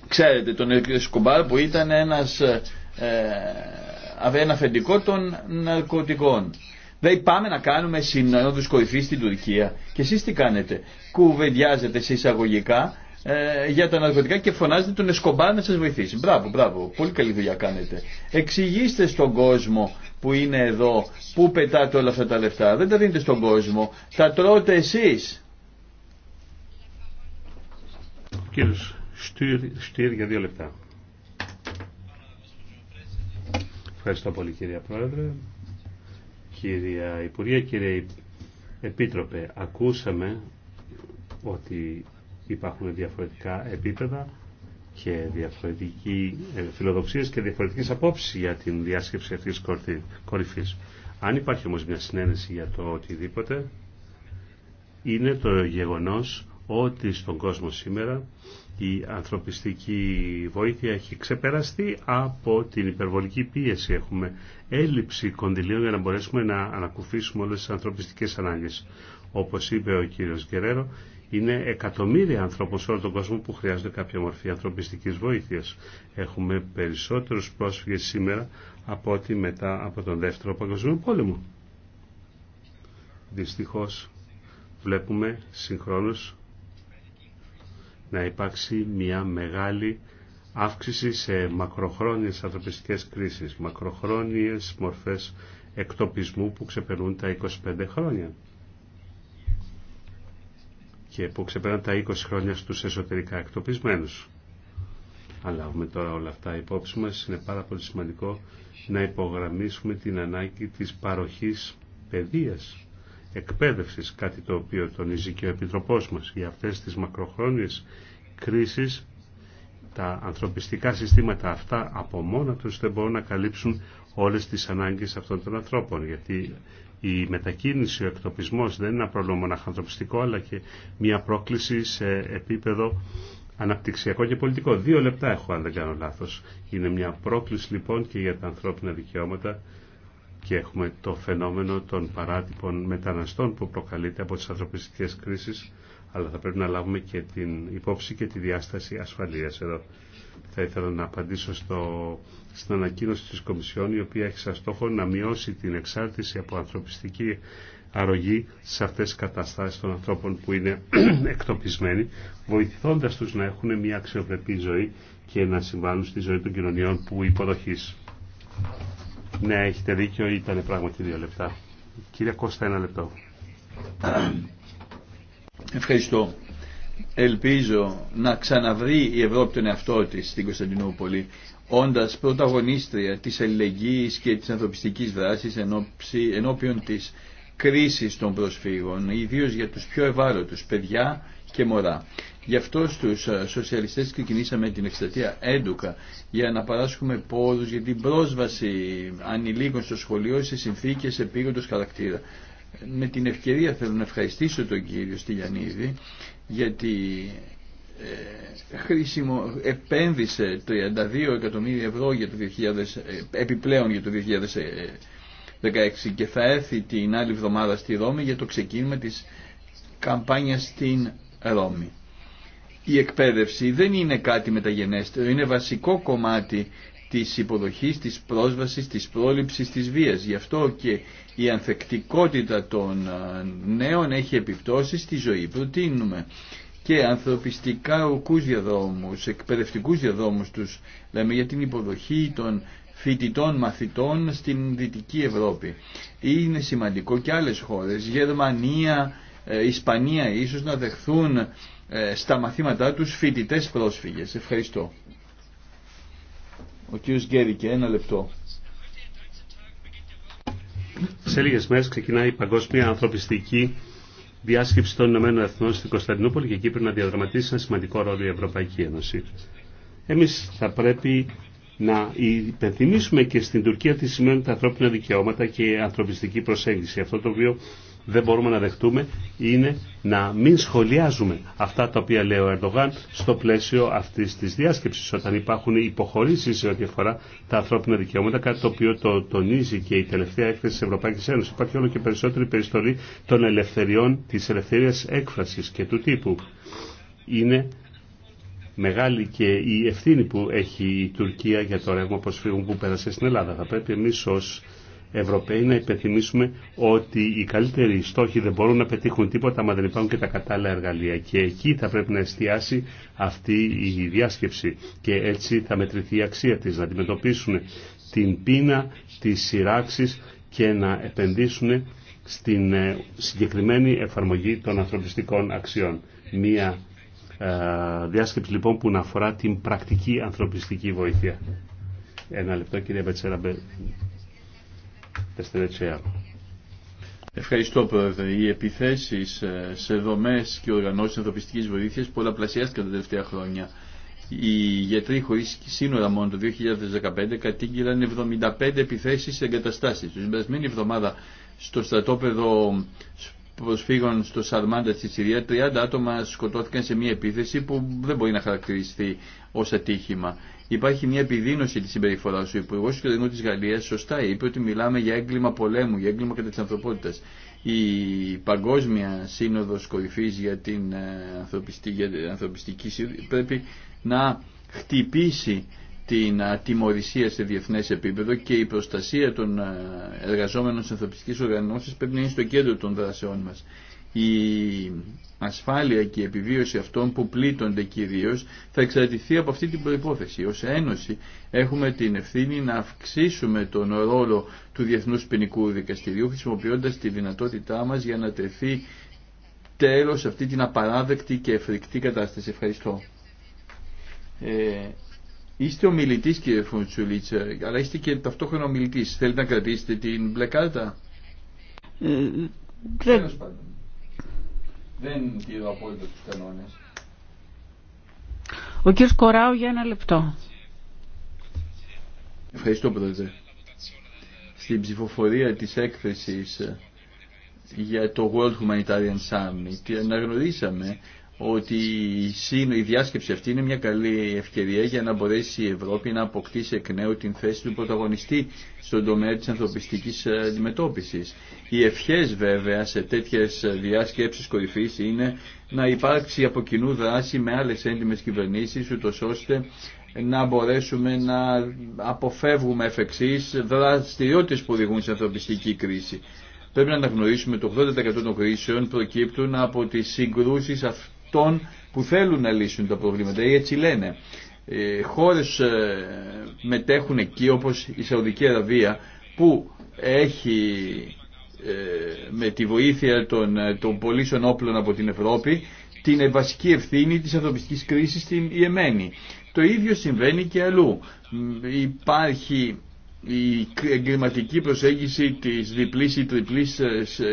Ξέρετε τον Εσκομπάρ που ήταν ένας ε, ένα αφεντικό των ναρκωτικών. Δηλαδή πάμε να κάνουμε συνόδου κορυφή στην Τουρκία. Και εσείς τι κάνετε. Κουβεντιάζετε σε εισαγωγικά ε, για τα ναρκωτικά και φωνάζετε τον Εσκομπάρ να σας βοηθήσει. Μπράβο, μπράβο. Πολύ καλή δουλειά κάνετε. Εξηγήστε στον κόσμο που είναι εδώ πού πετάτε όλα αυτά τα λεφτά. Δεν τα δίνετε στον κόσμο. Τα τρώτε εσεί. Κύριε για δύο λεπτά. Ευχαριστώ πολύ κύριε Πρόεδρε. Κυρία Υπουργέ, κύριε Επίτροπε, ακούσαμε ότι υπάρχουν διαφορετικά επίπεδα και διαφορετική ε, φιλοδοξία και διαφορετικέ απόψει για την διάσκεψη αυτή τη κορυφή. Αν υπάρχει όμω μια συνένεση για το οτιδήποτε, είναι το γεγονός ότι στον κόσμο σήμερα η ανθρωπιστική βοήθεια έχει ξεπεραστεί από την υπερβολική πίεση. Έχουμε έλλειψη κονδυλίων για να μπορέσουμε να ανακουφίσουμε όλες τις ανθρωπιστικές ανάγκες. Όπως είπε ο κύριος Γκερέρο, είναι εκατομμύρια ανθρώπους σε όλο τον κόσμο που χρειάζονται κάποια μορφή ανθρωπιστικής βοήθειας. Έχουμε περισσότερους πρόσφυγες σήμερα από ό,τι μετά από τον Δεύτερο Παγκοσμίο Πόλεμο. Δυστυχώς βλέπουμε συγχρόνως να υπάρξει μια μεγάλη αύξηση σε μακροχρόνιες ανθρωπιστικές κρίσεις, μακροχρόνιες μορφές εκτοπισμού που ξεπερνούν τα 25 χρόνια και που ξεπερνούν τα 20 χρόνια στους εσωτερικά εκτοπισμένους. Αλλά λάβουμε τώρα όλα αυτά υπόψη μας, είναι πάρα πολύ σημαντικό να υπογραμμίσουμε την ανάγκη της παροχής παιδείας εκπαίδευσης, κάτι το οποίο τονίζει και ο Επιτροπός μας. Για αυτές τις μακροχρόνιες κρίσεις τα ανθρωπιστικά συστήματα αυτά από μόνα τους δεν μπορούν να καλύψουν όλες τις ανάγκες αυτών των ανθρώπων γιατί η μετακίνηση, ο εκτοπισμός δεν είναι ένα πρόβλημα ανθρωπιστικό, αλλά και μια πρόκληση σε επίπεδο αναπτυξιακό και πολιτικό. Δύο λεπτά έχω αν δεν κάνω λάθος. Είναι μια πρόκληση λοιπόν και για τα ανθρώπινα δικαιώματα και έχουμε το φαινόμενο των παράτυπων μεταναστών που προκαλείται από τις ανθρωπιστικές κρίσεις αλλά θα πρέπει να λάβουμε και την υπόψη και τη διάσταση ασφαλείας εδώ. Θα ήθελα να απαντήσω στο, στην ανακοίνωση της Κομισιόν η οποία έχει σαν στόχο να μειώσει την εξάρτηση από ανθρωπιστική αρρωγή σε αυτές τις καταστάσεις των ανθρώπων που είναι εκτοπισμένοι, βοηθώντας τους να έχουν μια αξιοπρεπή ζωή και να συμβάλλουν στη ζωή των κοινωνιών που υποδοχής. Ναι, έχετε δίκιο, ήταν πράγματι δύο λεπτά. Κύριε Κώστα, ένα λεπτό. Ευχαριστώ. Ελπίζω να ξαναβρει η Ευρώπη τον εαυτό της στην Κωνσταντινούπολη, όντας πρωταγωνίστρια της αλληλεγγύης και της ανθρωπιστικής δράσης ενώπιον της κρίσης των προσφύγων, ιδίως για τους πιο ευάλωτους παιδιά, και μωρά. Γι' αυτό στους ε, σοσιαλιστές ξεκινήσαμε την εκστατεία έντουκα για να παράσχουμε πόρους για την πρόσβαση ανηλίκων στο σχολείο σε συνθήκες επίγοντος χαρακτήρα. Με την ευκαιρία θέλω να ευχαριστήσω τον κύριο Στυλιανίδη γιατί ε, χρήσιμο, επένδυσε 32 εκατομμύρια ευρώ για το 2000, ε, επιπλέον για το 2016 και θα έρθει την άλλη εβδομάδα στη Ρώμη για το ξεκίνημα της καμπάνιας στην Ρώμη. Η εκπαίδευση δεν είναι κάτι μεταγενέστερο, είναι βασικό κομμάτι της υποδοχής, της πρόσβασης, της πρόληψης, της βίας. Γι' αυτό και η ανθεκτικότητα των ε, νέων έχει επιπτώσει στη ζωή. Προτείνουμε και ανθρωπιστικά οκούς διαδρόμους, εκπαιδευτικούς διαδρόμους τους, λέμε για την υποδοχή των φοιτητών μαθητών στην Δυτική Ευρώπη. Είναι σημαντικό και άλλες χώρες, Γερμανία, ε, Ισπανία ίσως να δεχθούν ε, στα μαθήματά τους φοιτητές πρόσφυγες. Ευχαριστώ. Ο κ. Γκέρικε, ένα λεπτό. Σε λίγες μέρες ξεκινάει η παγκόσμια ανθρωπιστική διάσκεψη των Ηνωμένων Εθνών στην Κωνσταντινούπολη και εκεί πρέπει να διαδραματίσει ένα σημαντικό ρόλο η Ευρωπαϊκή Ένωση. Εμείς θα πρέπει να υπενθυμίσουμε και στην Τουρκία τι σημαίνουν τα ανθρώπινα δικαιώματα και η ανθρωπιστική προσέγγιση. Αυτό το οποίο δεν μπορούμε να δεχτούμε είναι να μην σχολιάζουμε αυτά τα οποία λέει ο Ερντογάν στο πλαίσιο αυτή τη διάσκεψη, όταν υπάρχουν υποχωρήσει σε ό,τι αφορά τα ανθρώπινα δικαιώματα, κάτι το οποίο το τονίζει και η τελευταία έκθεση τη Ευρωπαϊκή Ένωση. Υπάρχει όλο και περισσότερη περιστολή των ελευθεριών, τη ελευθερία έκφραση και του τύπου. Είναι μεγάλη και η ευθύνη που έχει η Τουρκία για το ρεύμα προσφύγων που πέρασε στην Ελλάδα. Θα πρέπει εμεί ω Ευρωπαίοι να υπενθυμίσουμε ότι οι καλύτεροι στόχοι δεν μπορούν να πετύχουν τίποτα αν δεν υπάρχουν και τα κατάλληλα εργαλεία. Και εκεί θα πρέπει να εστιάσει αυτή η διάσκεψη και έτσι θα μετρηθεί η αξία της, να αντιμετωπίσουν την πείνα της σειράξης και να επενδύσουν στην ε, συγκεκριμένη εφαρμογή των ανθρωπιστικών αξιών. Μία ε, διάσκεψη λοιπόν που να αφορά την πρακτική ανθρωπιστική βοήθεια. Ένα λεπτό κύριε Μπετσέρα Ευχαριστώ Πρόεδρε. Οι επιθέσει ε, σε δομέ και οργανώσει ανθρωπιστική βοήθεια πολλαπλασιάστηκαν τα τελευταία χρόνια. Οι γιατροί χωρί σύνορα μόνο το 2015 κατήγγειλαν 75 επιθέσει σε εγκαταστάσει. Την περασμένη εβδομάδα στο στρατόπεδο προσφύγων στο Σαρμάντα στη Συρία 30 άτομα σκοτώθηκαν σε μια επίθεση που δεν μπορεί να χαρακτηριστεί ω ατύχημα υπάρχει μια επιδείνωση τη συμπεριφορά σου. Ο Υπουργό Εξωτερικών τη Γαλλία σωστά είπε ότι μιλάμε για έγκλημα πολέμου, για έγκλημα κατά τη ανθρωπότητα. Η Παγκόσμια Σύνοδο Κορυφή ε, για την Ανθρωπιστική σύνοδο πρέπει να χτυπήσει την ατιμορρησία σε διεθνέ επίπεδο και η προστασία των ε, εργαζόμενων τη ανθρωπιστικέ οργανώσει πρέπει να είναι στο κέντρο των δράσεών μα η ασφάλεια και η επιβίωση αυτών που πλήττονται κυρίω θα εξαρτηθεί από αυτή την προϋπόθεση. Ως Ένωση έχουμε την ευθύνη να αυξήσουμε τον ρόλο του Διεθνούς Ποινικού Δικαστηρίου χρησιμοποιώντας τη δυνατότητά μας για να τεθεί τέλος αυτή την απαράδεκτη και εφρικτή κατάσταση. Ευχαριστώ. Ε, είστε ο μιλητής κύριε Φουντσουλίτσα, αλλά είστε και ταυτόχρονα ο Θέλετε να κρατήσετε την μπλε κάρτα. Ε, δεν τηρώ απόλυτα τους κανόνες. Ο κύριος Κοράου για ένα λεπτό. Ευχαριστώ πρόεδρε. Στην ψηφοφορία της έκθεσης για το World Humanitarian Summit αναγνωρίσαμε ότι η διάσκεψη αυτή είναι μια καλή ευκαιρία για να μπορέσει η Ευρώπη να αποκτήσει εκ νέου την θέση του πρωταγωνιστή στον τομέα της ανθρωπιστικής αντιμετώπισης. Οι ευχές βέβαια σε τέτοιες διάσκεψεις κορυφής είναι να υπάρξει από κοινού δράση με άλλες έντιμες κυβερνήσεις ούτως ώστε να μπορέσουμε να αποφεύγουμε εφ' εξής δραστηριότητες που οδηγούν σε ανθρωπιστική κρίση. Πρέπει να αναγνωρίσουμε το 80% των κρίσεων προκύπτουν από τις συγκρούσεις αυτών που θέλουν να λύσουν τα προβλήματα ή έτσι λένε. Ε, χώρες ε, μετέχουν εκεί όπως η Σαουδική Αραβία που έχει ε, με τη βοήθεια των, των πωλήσεων όπλων από την Ευρώπη την βασική ευθύνη της ανθρωπιστικής κρίσης στην Ιεμένη. Το ίδιο συμβαίνει και αλλού. Υπάρχει η εγκληματική προσέγγιση της διπλής ή τριπλής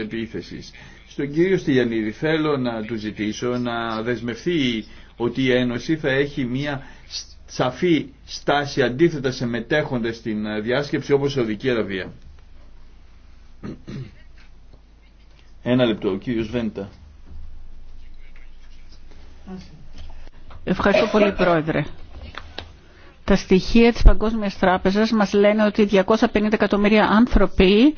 επίθεσης. Στον κύριο Στυλιανίδη θέλω να του ζητήσω να δεσμευθεί ότι η Ένωση θα έχει μια σαφή στάση αντίθετα σε μετέχοντες στην διάσκεψη όπως η οδική Αραβία. Ένα λεπτό, ο κύριος Βέντα. Ευχαριστώ πολύ πρόεδρε. Τα στοιχεία της Παγκόσμιας Τράπεζας μας λένε ότι 250 εκατομμύρια άνθρωποι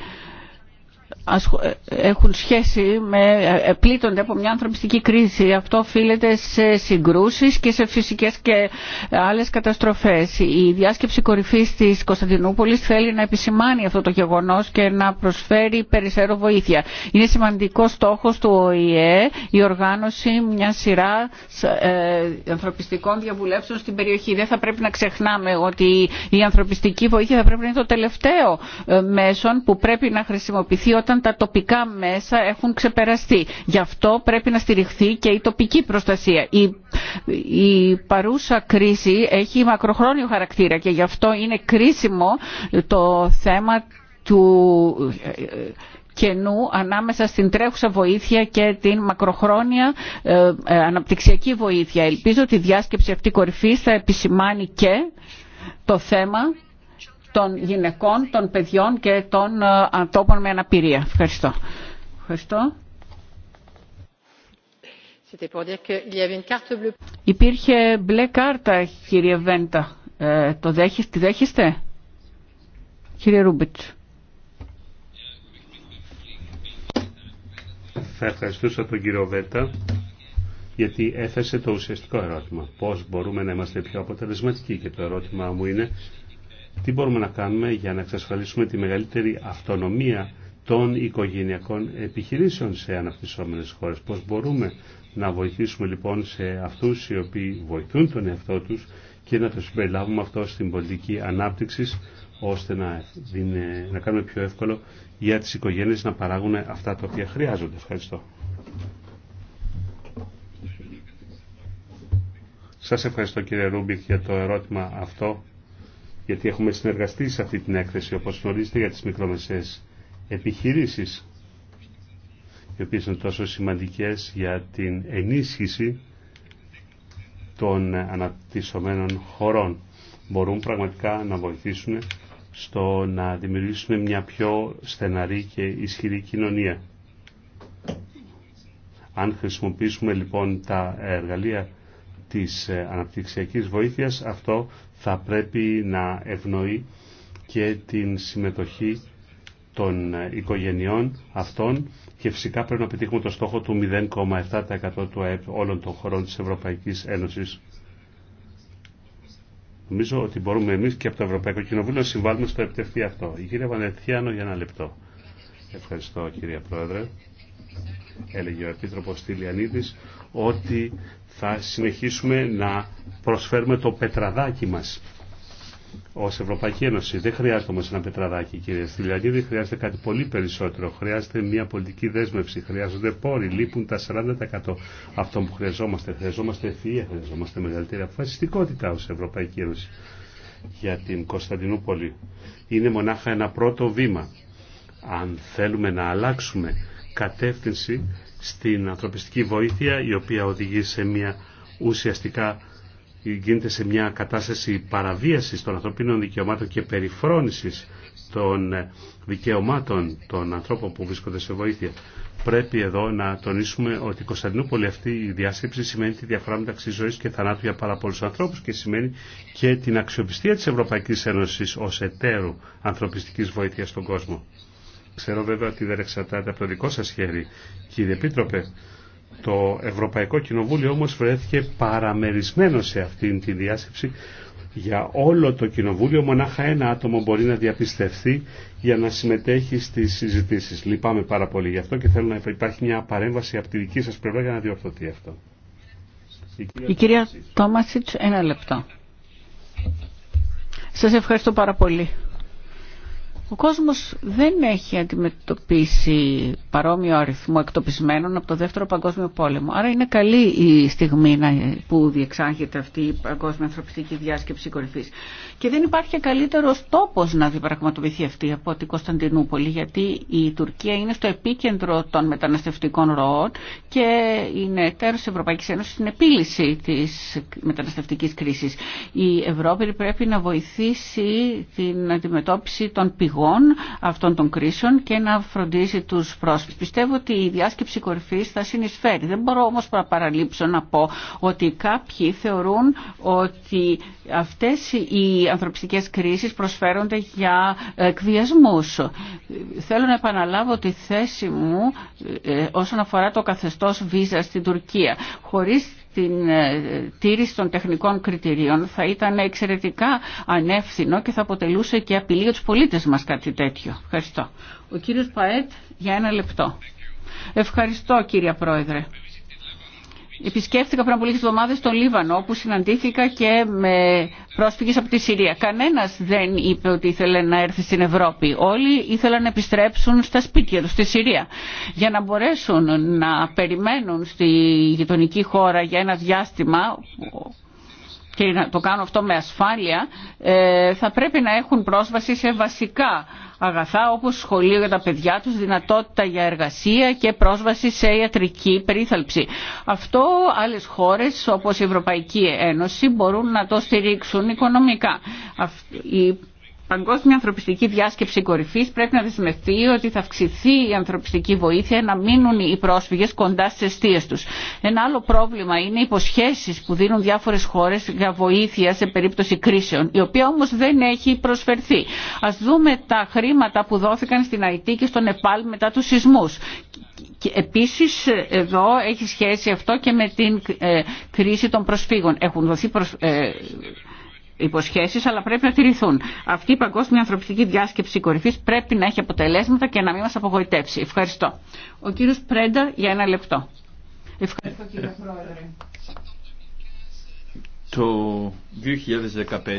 ε, έχουν σχέση με, ε, ε, πλήττονται από μια ανθρωπιστική κρίση. Αυτό οφείλεται σε συγκρούσεις και σε φυσικές και άλλες καταστροφές. Η διάσκεψη κορυφής της Κωνσταντινούπολης θέλει να επισημάνει αυτό το γεγονός και να προσφέρει περισσότερο βοήθεια. Είναι σημαντικό στόχος του ΟΗΕ η οργάνωση μια σειρά ανθρωπιστικών διαβουλεύσεων στην περιοχή. Δεν θα πρέπει να ξεχνάμε ότι η ανθρωπιστική βοήθεια θα πρέπει να είναι το τελευταίο μέσον που πρέπει να χρησιμοποιηθεί όταν όταν τα τοπικά μέσα έχουν ξεπεραστεί. Γι' αυτό πρέπει να στηριχθεί και η τοπική προστασία. Η, παρούσα κρίση έχει μακροχρόνιο χαρακτήρα και γι' αυτό είναι κρίσιμο το θέμα του ε, κενού ανάμεσα στην τρέχουσα βοήθεια και την μακροχρόνια ε, ε, αναπτυξιακή βοήθεια. Ελπίζω ότι η διάσκεψη αυτή κορυφής θα επισημάνει και το θέμα των γυναικών, των παιδιών και των ε, ανθρώπων με αναπηρία. Ευχαριστώ. Ευχαριστώ. Υπήρχε μπλε κάρτα, κύριε Βέντα. Ε, το δέχεστε, τη δέχεστε, κύριε Ρούμπιτς. Θα ευχαριστούσα τον κύριο Βέντα γιατί έθεσε το ουσιαστικό ερώτημα. Πώς μπορούμε να είμαστε πιο αποτελεσματικοί και το ερώτημα μου είναι τι μπορούμε να κάνουμε για να εξασφαλίσουμε τη μεγαλύτερη αυτονομία των οικογενειακών επιχειρήσεων σε αναπτυσσόμενες χώρες. Πώς μπορούμε να βοηθήσουμε λοιπόν σε αυτούς οι οποίοι βοηθούν τον εαυτό τους και να το συμπεριλάβουμε αυτό στην πολιτική ανάπτυξης ώστε να, δίνε να κάνουμε πιο εύκολο για τις οικογένειες να παράγουν αυτά τα οποία χρειάζονται. Ευχαριστώ. Σας ευχαριστώ κύριε Ρούμπιχ για το ερώτημα αυτό γιατί έχουμε συνεργαστεί σε αυτή την έκθεση, όπως γνωρίζετε, για τις μικρομεσαίες επιχειρήσεις, οι οποίες είναι τόσο σημαντικές για την ενίσχυση των αναπτυσσομένων χωρών. Μπορούν πραγματικά να βοηθήσουν στο να δημιουργήσουν μια πιο στεναρή και ισχυρή κοινωνία. Αν χρησιμοποιήσουμε λοιπόν τα εργαλεία της ε, αναπτυξιακής βοήθειας, αυτό θα πρέπει να ευνοεί και την συμμετοχή των ε, οικογενειών αυτών και φυσικά πρέπει να πετύχουμε το στόχο του 0,7% του ΑΕΠ όλων των χωρών της Ευρωπαϊκής Ένωσης. Νομίζω ότι μπορούμε εμείς και από το Ευρωπαϊκό Κοινοβούλιο να συμβάλλουμε στο επιτευχθεί αυτό. Η κυρία Βανερτιάνο για ένα λεπτό. Ευχαριστώ κυρία Πρόεδρε. Έλεγε ο Επίτροπος Τηλιανίδης ότι θα συνεχίσουμε να προσφέρουμε το πετραδάκι μας ως Ευρωπαϊκή Ένωση. Δεν χρειάζεται όμως ένα πετραδάκι κύριε Στυλιανίδη, χρειάζεται κάτι πολύ περισσότερο. Χρειάζεται μια πολιτική δέσμευση, χρειάζονται πόροι, λείπουν τα 40% αυτών που χρειαζόμαστε. Χρειαζόμαστε ευφυΐα, χρειαζόμαστε μεγαλύτερη αποφασιστικότητα ως Ευρωπαϊκή Ένωση για την Κωνσταντινούπολη. Είναι μονάχα ένα πρώτο βήμα. Αν θέλουμε να αλλάξουμε κατεύθυνση στην ανθρωπιστική βοήθεια η οποία οδηγεί σε μια ουσιαστικά γίνεται σε μια κατάσταση παραβίασης των ανθρωπίνων δικαιωμάτων και περιφρόνησης των ε, δικαιωμάτων των ανθρώπων που βρίσκονται σε βοήθεια. Πρέπει εδώ να τονίσουμε ότι η Κωνσταντινούπολη αυτή η διάσκεψη σημαίνει τη διαφορά μεταξύ ζωή και θανάτου για πάρα πολλού ανθρώπου και σημαίνει και την αξιοπιστία τη Ευρωπαϊκή Ένωση ω εταίρου ανθρωπιστική βοήθεια στον κόσμο. Ξέρω βέβαια ότι δεν εξαρτάται από το δικό σας χέρι, κύριε Επίτροπε. Το Ευρωπαϊκό Κοινοβούλιο όμως βρέθηκε παραμερισμένο σε αυτήν τη διάσκεψη. Για όλο το Κοινοβούλιο μονάχα ένα άτομο μπορεί να διαπιστευτεί για να συμμετέχει στις συζητήσεις. Λυπάμαι πάρα πολύ γι' αυτό και θέλω να υπάρχει μια παρέμβαση από τη δική σας πλευρά για να διορθωθεί αυτό. Η κυρία, Η κυρία Τόμασιτς, ένα λεπτό. Σας ευχαριστώ πάρα πολύ. Ο κόσμος δεν έχει αντιμετωπίσει παρόμοιο αριθμό εκτοπισμένων από το Δεύτερο Παγκόσμιο Πόλεμο. Άρα είναι καλή η στιγμή που διεξάγεται αυτή η Παγκόσμια Ανθρωπιστική Διάσκεψη Κορυφής. Και δεν υπάρχει καλύτερος τόπος να διπραγματοποιηθεί αυτή από την Κωνσταντινούπολη, γιατί η Τουρκία είναι στο επίκεντρο των μεταναστευτικών ροών και είναι εταίρος της Ευρωπαϊκής Ένωσης στην επίλυση της μεταναστευτικής κρίσης. Η Ευρώπη πρέπει να βοηθήσει την αντιμετώπιση των πηγών πηγών αυτών των κρίσεων και να φροντίζει τους πρόσφυγες. Πιστεύω ότι η διάσκεψη κορυφής θα συνεισφέρει. Δεν μπορώ όμως να παραλείψω να πω ότι κάποιοι θεωρούν ότι αυτές οι ανθρωπιστικές κρίσεις προσφέρονται για εκβιασμούς. Θέλω να επαναλάβω τη θέση μου ε, όσον αφορά το καθεστώς βίζα στην Τουρκία. Χωρίς την ε, τήρηση των τεχνικών κριτηρίων θα ήταν εξαιρετικά ανεύθυνο και θα αποτελούσε και απειλή για τους πολίτες μας κάτι τέτοιο. Ευχαριστώ. Ο κύριος Παέτ για ένα λεπτό. Ευχαριστώ κύριε Πρόεδρε επισκέφθηκα πριν από λίγε εβδομάδε στο Λίβανο όπου συναντήθηκα και με πρόσφυγες από τη Συρία. Κανένας δεν είπε ότι ήθελε να έρθει στην Ευρώπη. Όλοι ήθελαν να επιστρέψουν στα σπίτια του, στη Συρία για να μπορέσουν να περιμένουν στη γειτονική χώρα για ένα διάστημα και να το κάνουν αυτό με ασφάλεια, ε, θα πρέπει να έχουν πρόσβαση σε βασικά αγαθά όπως σχολείο για τα παιδιά τους, δυνατότητα για εργασία και πρόσβαση σε ιατρική περίθαλψη. Αυτό άλλες χώρες όπως η Ευρωπαϊκή Ένωση μπορούν να το στηρίξουν οικονομικά. Παγκόσμια Ανθρωπιστική Διάσκεψη Κορυφή πρέπει να δεσμευτεί ότι θα αυξηθεί η ανθρωπιστική βοήθεια να μείνουν οι πρόσφυγε κοντά στι αιστείε του. Ένα άλλο πρόβλημα είναι οι υποσχέσει που δίνουν διάφορε χώρε για βοήθεια σε περίπτωση κρίσεων, η οποία όμω δεν έχει προσφερθεί. Α δούμε τα χρήματα που δόθηκαν στην Αϊτή και στον Νεπάλ μετά του σεισμού. Επίση, επίσης εδώ έχει σχέση αυτό και με την ε, κρίση των προσφύγων. Έχουν δοθεί προσ... Ε, αλλά πρέπει να τηρηθούν. Αυτή η παγκόσμια ανθρωπιστική διάσκεψη κορυφής πρέπει να έχει αποτελέσματα και να μην μας απογοητεύσει. Ευχαριστώ. Ο κύριος Πρέντα για ένα λεπτό. Ευχαριστώ κύριε Πρόεδρε. Το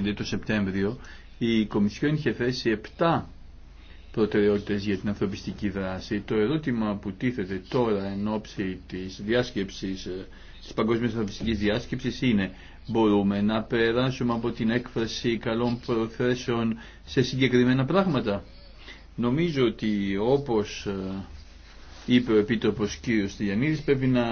2015, το Σεπτέμβριο, η Κομισιόν είχε θέσει 7 προτεραιότητες για την ανθρωπιστική δράση. Το ερώτημα που τίθεται τώρα εν ώψη της διάσκεψης, ε, της παγκόσμιας ανθρωπιστικής διάσκεψης είναι Μπορούμε να περάσουμε από την έκφραση καλών προθέσεων σε συγκεκριμένα πράγματα. Νομίζω ότι όπως ε, είπε ο Επίτροπος κ. Στυλιανίδης πρέπει να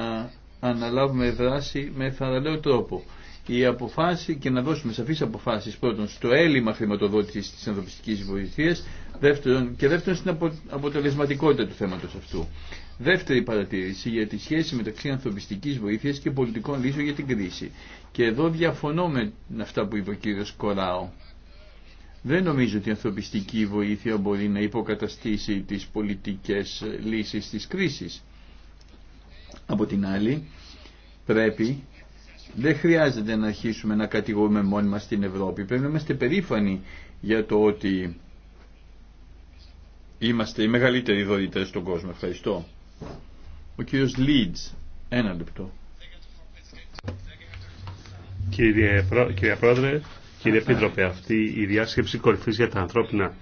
αναλάβουμε δράση με θαραλέο τρόπο. Η αποφάση και να δώσουμε σαφείς αποφάσεις πρώτον στο έλλειμμα χρηματοδότησης της ανθρωπιστικής βοηθείας δεύτερον, και δεύτερον στην αποτελεσματικότητα του θέματος αυτού. Δεύτερη παρατήρηση για τη σχέση μεταξύ ανθρωπιστικής βοήθειας και πολιτικών λύσεων για την κρίση. Και εδώ διαφωνώ με αυτά που είπε ο κύριος Κοράο. Δεν νομίζω ότι η ανθρωπιστική βοήθεια μπορεί να υποκαταστήσει τις πολιτικές λύσεις της κρίσης. Από την άλλη, πρέπει, δεν χρειάζεται να αρχίσουμε να κατηγορούμε μόνοι μας στην Ευρώπη. Πρέπει να είμαστε περήφανοι για το ότι είμαστε οι μεγαλύτεροι δωρητές στον κόσμο. Ευχαριστώ. Ο κύριος Λίτς. Ένα λεπτό. Κύριε, Πρόεδρε, κύριε Επίτροπε, αυτή η διάσκεψη κορυφής για τα ανθρώπινα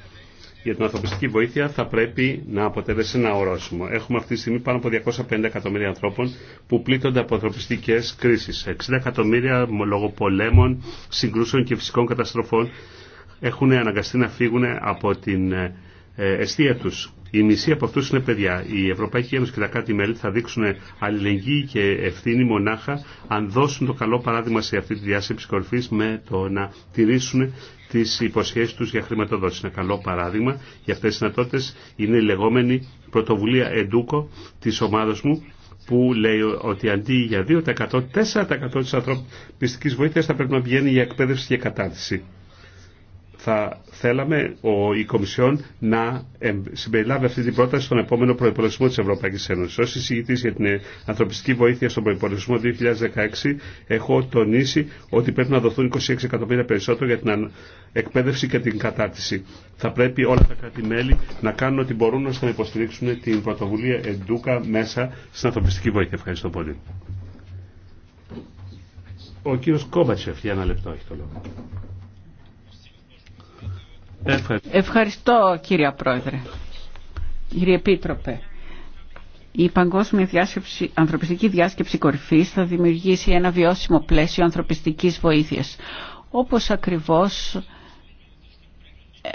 για την ανθρωπιστική βοήθεια θα πρέπει να αποτελέσει ένα ορόσημο. Έχουμε αυτή τη στιγμή πάνω από 250 εκατομμύρια ανθρώπων που πλήττονται από ανθρωπιστικέ κρίσει. 60 εκατομμύρια λόγω πολέμων, συγκρούσεων και φυσικών καταστροφών έχουν αναγκαστεί να φύγουν από την ε, Εστία του, Η μισή από αυτού είναι παιδιά. Η Ευρωπαϊκή Ένωση και τα κάτι μέλη θα δείξουν αλληλεγγύη και ευθύνη μονάχα αν δώσουν το καλό παράδειγμα σε αυτή τη διάσκεψη κορυφή με το να τηρήσουν τι υποσχέσει του για χρηματοδότηση. Ένα καλό παράδειγμα για αυτέ τι δυνατότητες είναι η λεγόμενη πρωτοβουλία Εντούκο τη ομάδα μου που λέει ότι αντί για 2% 4% τη ανθρωπιστική βοήθεια θα πρέπει να πηγαίνει για εκπαίδευση και κατάρτιση θα θέλαμε ο, η Κομισιόν να συμπεριλάβει αυτή την πρόταση στον επόμενο προπολογισμό τη Ευρωπαϊκή Ένωση. Ω εισηγητή για την ε, ανθρωπιστική βοήθεια στον προπολογισμό 2016, έχω τονίσει ότι πρέπει να δοθούν 26 εκατομμύρια περισσότερο για την εκπαίδευση και την κατάρτιση. Θα πρέπει όλα τα κράτη-μέλη να κάνουν ό,τι μπορούν ώστε να υποστηρίξουν την πρωτοβουλία Εντούκα μέσα στην ανθρωπιστική βοήθεια. Ευχαριστώ πολύ. Ο Κόμπατσεφ, για ένα λεπτό, έχει το Ευχαριστώ, κύριε Πρόεδρε. Κύριε Επίτροπε. Η παγκόσμια διάσκεψη, ανθρωπιστική διάσκεψη κορυφής θα δημιουργήσει ένα βιώσιμο πλαίσιο ανθρωπιστικής βοήθειας. Όπως ακριβώς ε,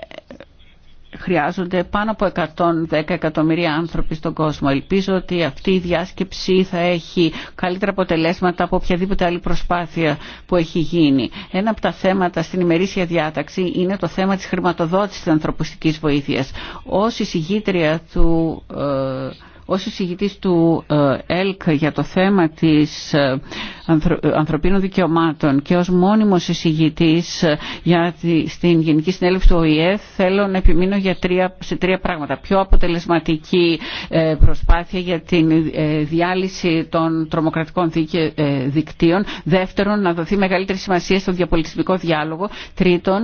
χρειάζονται πάνω από 110 εκατομμύρια άνθρωποι στον κόσμο. Ελπίζω ότι αυτή η διάσκεψη θα έχει καλύτερα αποτελέσματα από οποιαδήποτε άλλη προσπάθεια που έχει γίνει. Ένα από τα θέματα στην ημερήσια διάταξη είναι το θέμα της χρηματοδότησης της ανθρωπιστικής βοήθειας. Ως εισηγήτρια του... Ε, ως εισηγητής του ε, ΕΛΚ για το θέμα της ε, ε, ανθρωπίνων δικαιωμάτων και ως μόνιμος εισηγητής για τη, στην Γενική Συνέλευση του ΟΗΕ θέλω να επιμείνω για τρία, σε τρία πράγματα. Πιο αποτελεσματική προσπάθεια για τη διάλυση των τρομοκρατικών δικτύων. Δεύτερον, να δοθεί μεγαλύτερη σημασία στο διαπολιτισμικό διάλογο. Τρίτον,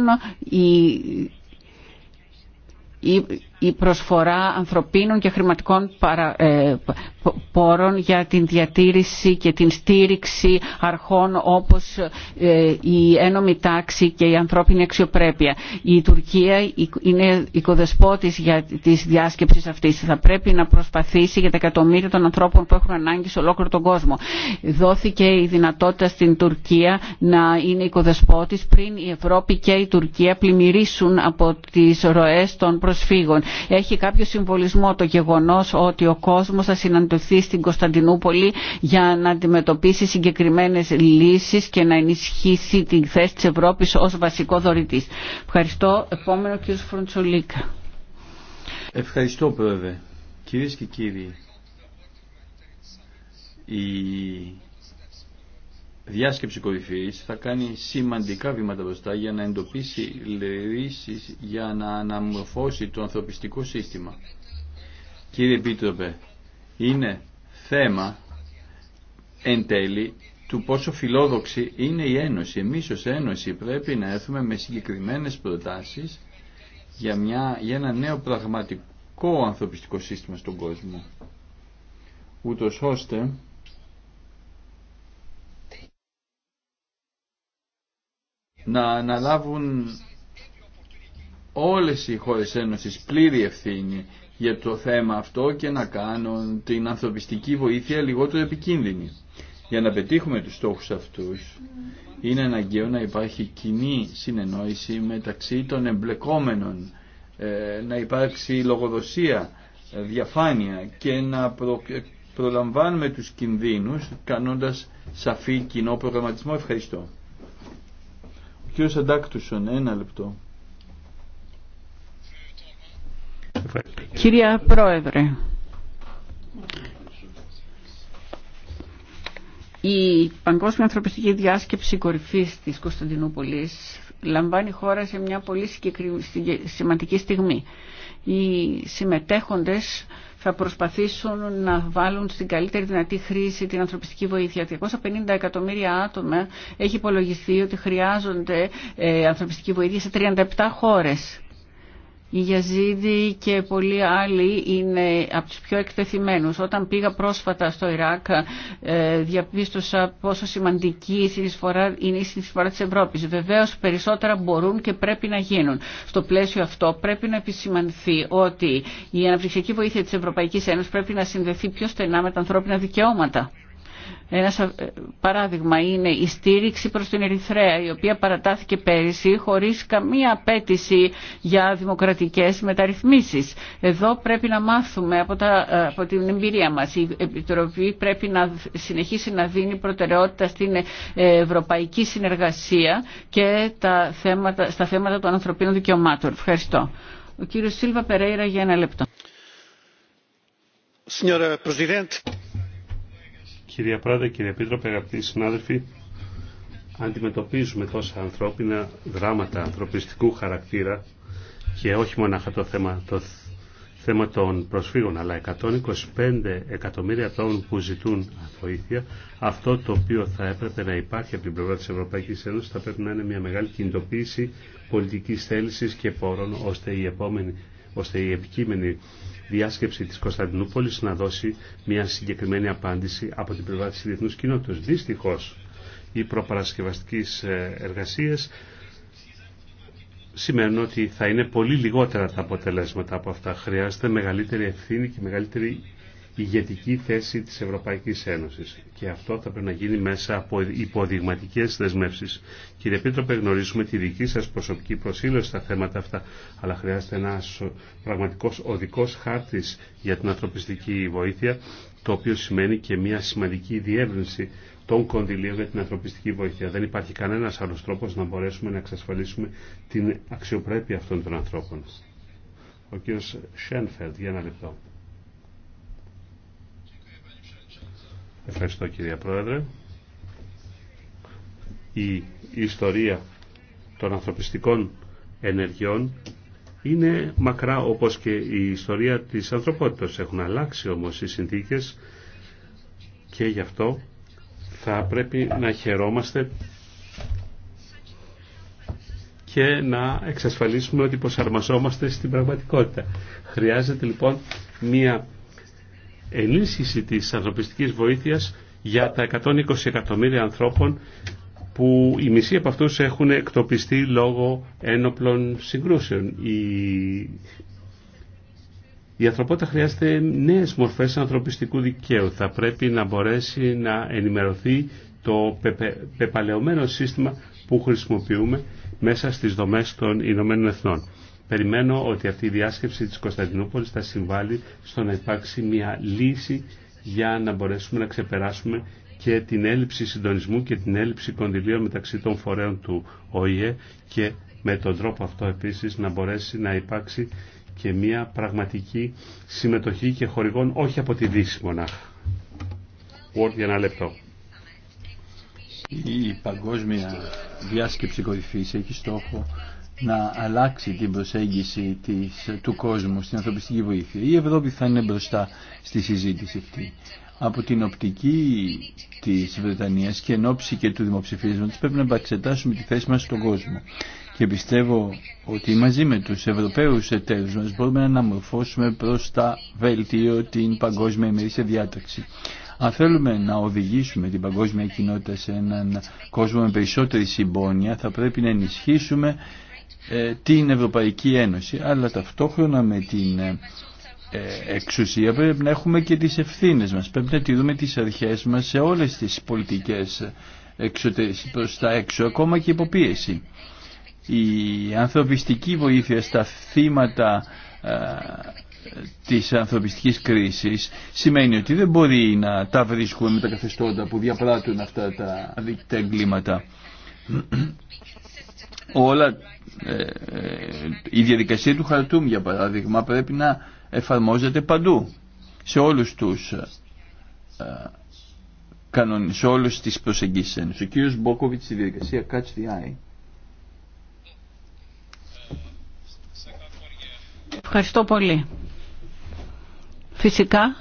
η η προσφορά ανθρωπίνων και χρηματικών ε, πόρων για την διατήρηση και την στήριξη αρχών όπως ε, η ένωμη τάξη και η ανθρώπινη αξιοπρέπεια. Η Τουρκία είναι οικοδεσπότης για τις διάσκεψεις αυτής. Θα πρέπει να προσπαθήσει για τα εκατομμύρια των ανθρώπων που έχουν ανάγκη σε ολόκληρο τον κόσμο. Δόθηκε η δυνατότητα στην Τουρκία να είναι οικοδεσπότης πριν η Ευρώπη και η Τουρκία πλημμυρίσουν από τις ροές των προσφύγων έχει κάποιο συμβολισμό το γεγονός ότι ο κόσμος θα συναντηθεί στην Κωνσταντινούπολη για να αντιμετωπίσει συγκεκριμένες λύσεις και να ενισχύσει την θέση της Ευρώπης ως βασικό δωρητής. Ευχαριστώ. Επόμενο κ. Φροντσολίκα. Ευχαριστώ πρόεδρε. Κυρίες και κύριοι, διάσκεψη κορυφής θα κάνει σημαντικά βήματα μπροστά για να εντοπίσει λύσεις για να αναμορφώσει το ανθρωπιστικό σύστημα. Κύριε Επίτροπε, είναι θέμα εν τέλει του πόσο φιλόδοξη είναι η Ένωση. Εμείς ως Ένωση πρέπει να έρθουμε με συγκεκριμένες προτάσεις για, μια, για ένα νέο πραγματικό ανθρωπιστικό σύστημα στον κόσμο. Ούτως ώστε να αναλάβουν όλες οι χώρες Ένωσης πλήρη ευθύνη για το θέμα αυτό και να κάνουν την ανθρωπιστική βοήθεια λιγότερο επικίνδυνη. Για να πετύχουμε τους στόχους αυτούς είναι αναγκαίο να υπάρχει κοινή συνεννόηση μεταξύ των εμπλεκόμενων, ε, να υπάρξει λογοδοσία, διαφάνεια και να προλαμβάνουμε τους κινδύνους κάνοντας σαφή κοινό προγραμματισμό. Ευχαριστώ. Κύριος Αντάκτουσον, ένα λεπτό. Κυρία Πρόεδρε, η Παγκόσμια Ανθρωπιστική Διάσκεψη Κορυφής της Κωνσταντινούπολης λαμβάνει χώρα σε μια πολύ σημαντική στιγμή. Οι συμμετέχοντες θα προσπαθήσουν να βάλουν στην καλύτερη δυνατή χρήση την ανθρωπιστική βοήθεια. 250 εκατομμύρια άτομα έχει υπολογιστεί ότι χρειάζονται ε, ανθρωπιστική βοήθεια σε 37 χώρες. Οι Γιαζίδη και πολλοί άλλοι είναι από τους πιο εκτεθειμένους. Όταν πήγα πρόσφατα στο Ιράκ ε, διαπίστωσα πόσο σημαντική η συνεισφορά, είναι η συνεισφορά της Ευρώπης. Βεβαίως περισσότερα μπορούν και πρέπει να γίνουν. Στο πλαίσιο αυτό πρέπει να επισημανθεί ότι η αναπτυξιακή βοήθεια της Ευρωπαϊκής Ένωσης πρέπει να συνδεθεί πιο στενά με τα ανθρώπινα δικαιώματα. Ένα παράδειγμα είναι η στήριξη προς την Ερυθρέα, η οποία παρατάθηκε πέρυσι χωρίς καμία απέτηση για δημοκρατικές μεταρρυθμίσεις. Εδώ πρέπει να μάθουμε από, τα, από την εμπειρία μας. Η Επιτροπή πρέπει να συνεχίσει να δίνει προτεραιότητα στην ε, ευρωπαϊκή συνεργασία και τα θέματα, στα θέματα των ανθρωπίνων δικαιωμάτων. Ευχαριστώ. Ο κύριος Σίλβα Περέιρα για ένα λεπτό. Κυρία Πρόεδρε, κύριε Επίτροπε, αγαπητοί συνάδελφοι, αντιμετωπίζουμε τόσα ανθρώπινα δράματα ανθρωπιστικού χαρακτήρα και όχι μόνο το θέμα, το θέμα των προσφύγων, αλλά 125 εκατομμύρια ατόμων που ζητούν βοήθεια. Αυτό το οποίο θα έπρεπε να υπάρχει από την πλευρά της Ευρωπαϊκής Ένωσης θα πρέπει να είναι μια μεγάλη κινητοποίηση πολιτικής θέλησης και πόρων, ώστε η επόμενη ώστε η επικείμενη διάσκεψη της Κωνσταντινούπολης να δώσει μια συγκεκριμένη απάντηση από την πλευρά της διεθνούς κοινότητας. Δυστυχώς, οι προπαρασκευαστικές ε, εργασίες σημαίνουν ότι θα είναι πολύ λιγότερα τα αποτελέσματα από αυτά. Χρειάζεται μεγαλύτερη ευθύνη και μεγαλύτερη ηγετική θέση της Ευρωπαϊκής Ένωσης. Και αυτό θα πρέπει να γίνει μέσα από υποδειγματικές δεσμεύσεις. Κύριε Πίτροπε, γνωρίζουμε τη δική σας προσωπική προσήλωση στα θέματα αυτά, αλλά χρειάζεται ένα πραγματικός οδικός χάρτης για την ανθρωπιστική βοήθεια, το οποίο σημαίνει και μια σημαντική διεύρυνση των κονδυλίων για την ανθρωπιστική βοήθεια. Δεν υπάρχει κανένας άλλος τρόπος να μπορέσουμε να εξασφαλίσουμε την αξιοπρέπεια αυτών των ανθρώπων. Ο κύριος Σένφελτ, για ένα λεπτό. Ευχαριστώ κυρία Πρόεδρε. Η ιστορία των ανθρωπιστικών ενεργειών είναι μακρά όπως και η ιστορία της ανθρωπότητας. Έχουν αλλάξει όμως οι συνθήκες και γι' αυτό θα πρέπει να χαιρόμαστε και να εξασφαλίσουμε ότι προσαρμαζόμαστε στην πραγματικότητα. Χρειάζεται λοιπόν μία ενίσχυση της ανθρωπιστικής βοήθειας για τα 120 εκατομμύρια ανθρώπων που οι μισοί από αυτούς έχουν εκτοπιστεί λόγω ένοπλων συγκρούσεων. Η, η ανθρωπότητα χρειάζεται νέες μορφές ανθρωπιστικού δικαίου. Θα πρέπει να μπορέσει να ενημερωθεί το πεπαλεωμένο πεπαλαιωμένο σύστημα που χρησιμοποιούμε μέσα στις δομές των Ηνωμένων Εθνών. Περιμένω ότι αυτή η διάσκεψη της Κωνσταντινούπολης θα συμβάλλει στο να υπάρξει μια λύση για να μπορέσουμε να ξεπεράσουμε και την έλλειψη συντονισμού και την έλλειψη κονδυλίων μεταξύ των φορέων του ΟΗΕ και με τον τρόπο αυτό επίσης να μπορέσει να υπάρξει και μια πραγματική συμμετοχή και χορηγών όχι από τη Δύση μονάχα. Word για ένα λεπτό. Η παγκόσμια διάσκεψη κορυφής έχει στόχο να αλλάξει την προσέγγιση της, του κόσμου στην ανθρωπιστική βοήθεια. Η Ευρώπη θα είναι μπροστά στη συζήτηση αυτή. Από την οπτική της Βρετανίας και εν ώψη και του δημοψηφίσματος πρέπει να επαξετάσουμε τη θέση μας στον κόσμο. Και πιστεύω ότι μαζί με τους Ευρωπαίους εταίρους μας μπορούμε να αναμορφώσουμε προς τα βέλτιο την παγκόσμια ημερήσια διάταξη. Αν θέλουμε να οδηγήσουμε την παγκόσμια κοινότητα σε έναν κόσμο με περισσότερη συμπόνια, θα πρέπει να ενισχύσουμε ε, την Ευρωπαϊκή Ένωση αλλά ταυτόχρονα με την ε, ε, εξουσία πρέπει να έχουμε και τις ευθύνες μας πρέπει να τηρούμε τις αρχές μας σε όλες τις πολιτικές προς τα έξω ακόμα και υποπίεση η ανθρωπιστική βοήθεια στα θύματα της ανθρωπιστικής κρίσης σημαίνει ότι δεν μπορεί να τα βρίσκουμε με τα καθεστώτα που διαπράττουν αυτά τα, τα εγκλήματα όλα, ε, ε, η διαδικασία του χαρτούμ για παράδειγμα πρέπει να εφαρμόζεται παντού σε όλους τους ε, ε κανονισμούς, σε όλους τις προσεγγίσεις. Ο κύριος Μπόκοβιτς στη διαδικασία Catch the Eye. Ευχαριστώ πολύ. Φυσικά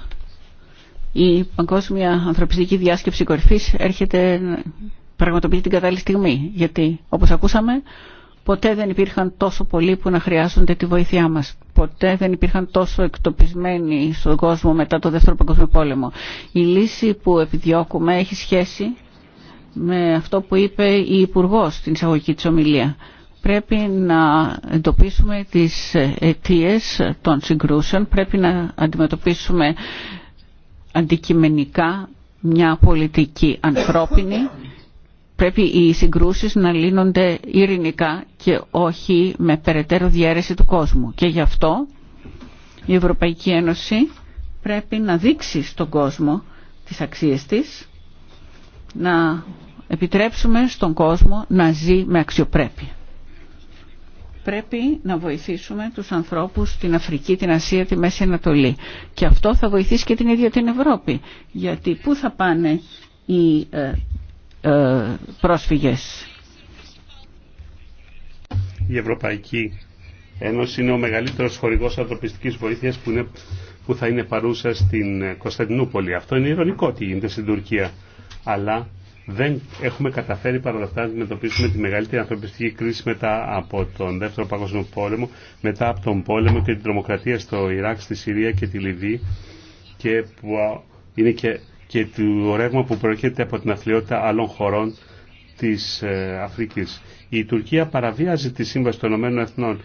η Παγκόσμια Ανθρωπιστική Διάσκεψη Κορφής έρχεται πραγματοποιεί την κατάλληλη στιγμή. Γιατί, όπως ακούσαμε, ποτέ δεν υπήρχαν τόσο πολλοί που να χρειάζονται τη βοήθειά μας. Ποτέ δεν υπήρχαν τόσο εκτοπισμένοι στον κόσμο μετά το Δεύτερο Παγκόσμιο Πόλεμο. Η λύση που επιδιώκουμε έχει σχέση με αυτό που είπε η Υπουργό στην εισαγωγική της ομιλία. Πρέπει να εντοπίσουμε τις αιτίε των συγκρούσεων, πρέπει να αντιμετωπίσουμε αντικειμενικά μια πολιτική ανθρώπινη πρέπει οι συγκρούσεις να λύνονται ειρηνικά και όχι με περαιτέρω διαίρεση του κόσμου. Και γι' αυτό η Ευρωπαϊκή Ένωση πρέπει να δείξει στον κόσμο τις αξίες της, να επιτρέψουμε στον κόσμο να ζει με αξιοπρέπεια. Πρέπει να βοηθήσουμε τους ανθρώπους στην Αφρική, την Ασία, τη Μέση Ανατολή. Και αυτό θα βοηθήσει και την ίδια την Ευρώπη. Γιατί πού θα πάνε οι ε, ε, πρόσφυγες. Η Ευρωπαϊκή Ένωση είναι ο μεγαλύτερος χορηγός ανθρωπιστικής βοήθειας που, είναι, που θα είναι παρούσα στην ε, Κωνσταντινούπολη. Αυτό είναι ηρωνικό ότι γίνεται στην Τουρκία. Αλλά δεν έχουμε καταφέρει παρόλα αυτά να αντιμετωπίσουμε τη μεγαλύτερη ανθρωπιστική κρίση μετά από τον Δεύτερο Παγκόσμιο Πόλεμο, μετά από τον πόλεμο και την τρομοκρατία στο Ιράκ, στη Συρία και τη Λιβύη και που είναι και και του ρεύμα που προέρχεται από την αθλειότητα άλλων χωρών της ε, Αφρικής. Η Τουρκία παραβιάζει τη Σύμβαση των Ηνωμένων Εθνών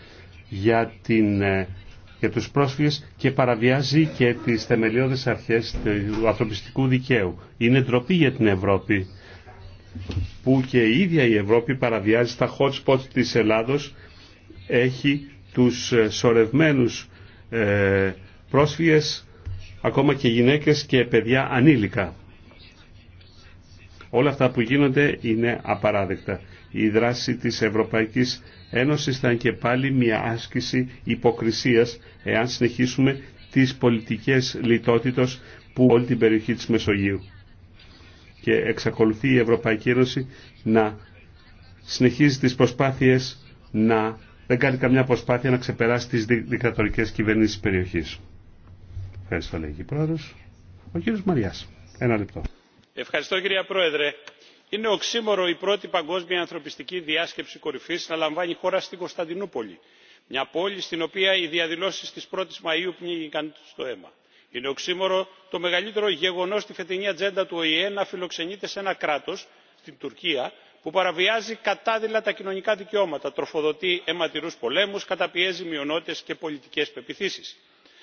για, την, ε, για τους πρόσφυγες και παραβιάζει και τις θεμελιώδεις αρχές του ανθρωπιστικού δικαίου. Είναι ντροπή για την Ευρώπη που και η ίδια η Ευρώπη παραβιάζει στα hot spots της Ελλάδος έχει τους ε, σορευμένους ε, πρόσφυγες ακόμα και γυναίκες και παιδιά ανήλικα. Όλα αυτά που γίνονται είναι απαράδεκτα. Η δράση της Ευρωπαϊκής Ένωσης θα είναι και πάλι μια άσκηση υποκρισίας εάν συνεχίσουμε τις πολιτικές λιτότητος που όλη την περιοχή της Μεσογείου. Και εξακολουθεί η Ευρωπαϊκή Ένωση να συνεχίζει τις προσπάθειες να δεν κάνει καμιά προσπάθεια να ξεπεράσει τις δικτατορικές κυβερνήσεις της περιοχής. Ευχαριστώ, λέγει πρόεδρος. Ο κύριος Μαριάς. Ένα λεπτό. Ευχαριστώ, κύριε Πρόεδρε. Είναι οξύμορο η πρώτη παγκόσμια ανθρωπιστική διάσκεψη κορυφή να λαμβάνει χώρα στην Κωνσταντινούπολη. Μια πόλη στην οποία οι διαδηλώσει τη 1 η Μαΐου πνίγηκαν στο αίμα. Είναι οξύμορο το μεγαλύτερο γεγονό στη φετινή ατζέντα του ΟΗΕ να φιλοξενείται σε ένα κράτο στην Τουρκία, που παραβιάζει κατάδειλα τα κοινωνικά δικαιώματα, τροφοδοτεί αιματηρού πολέμου, καταπιέζει μειονότητε και πολιτικέ πεπιθήσει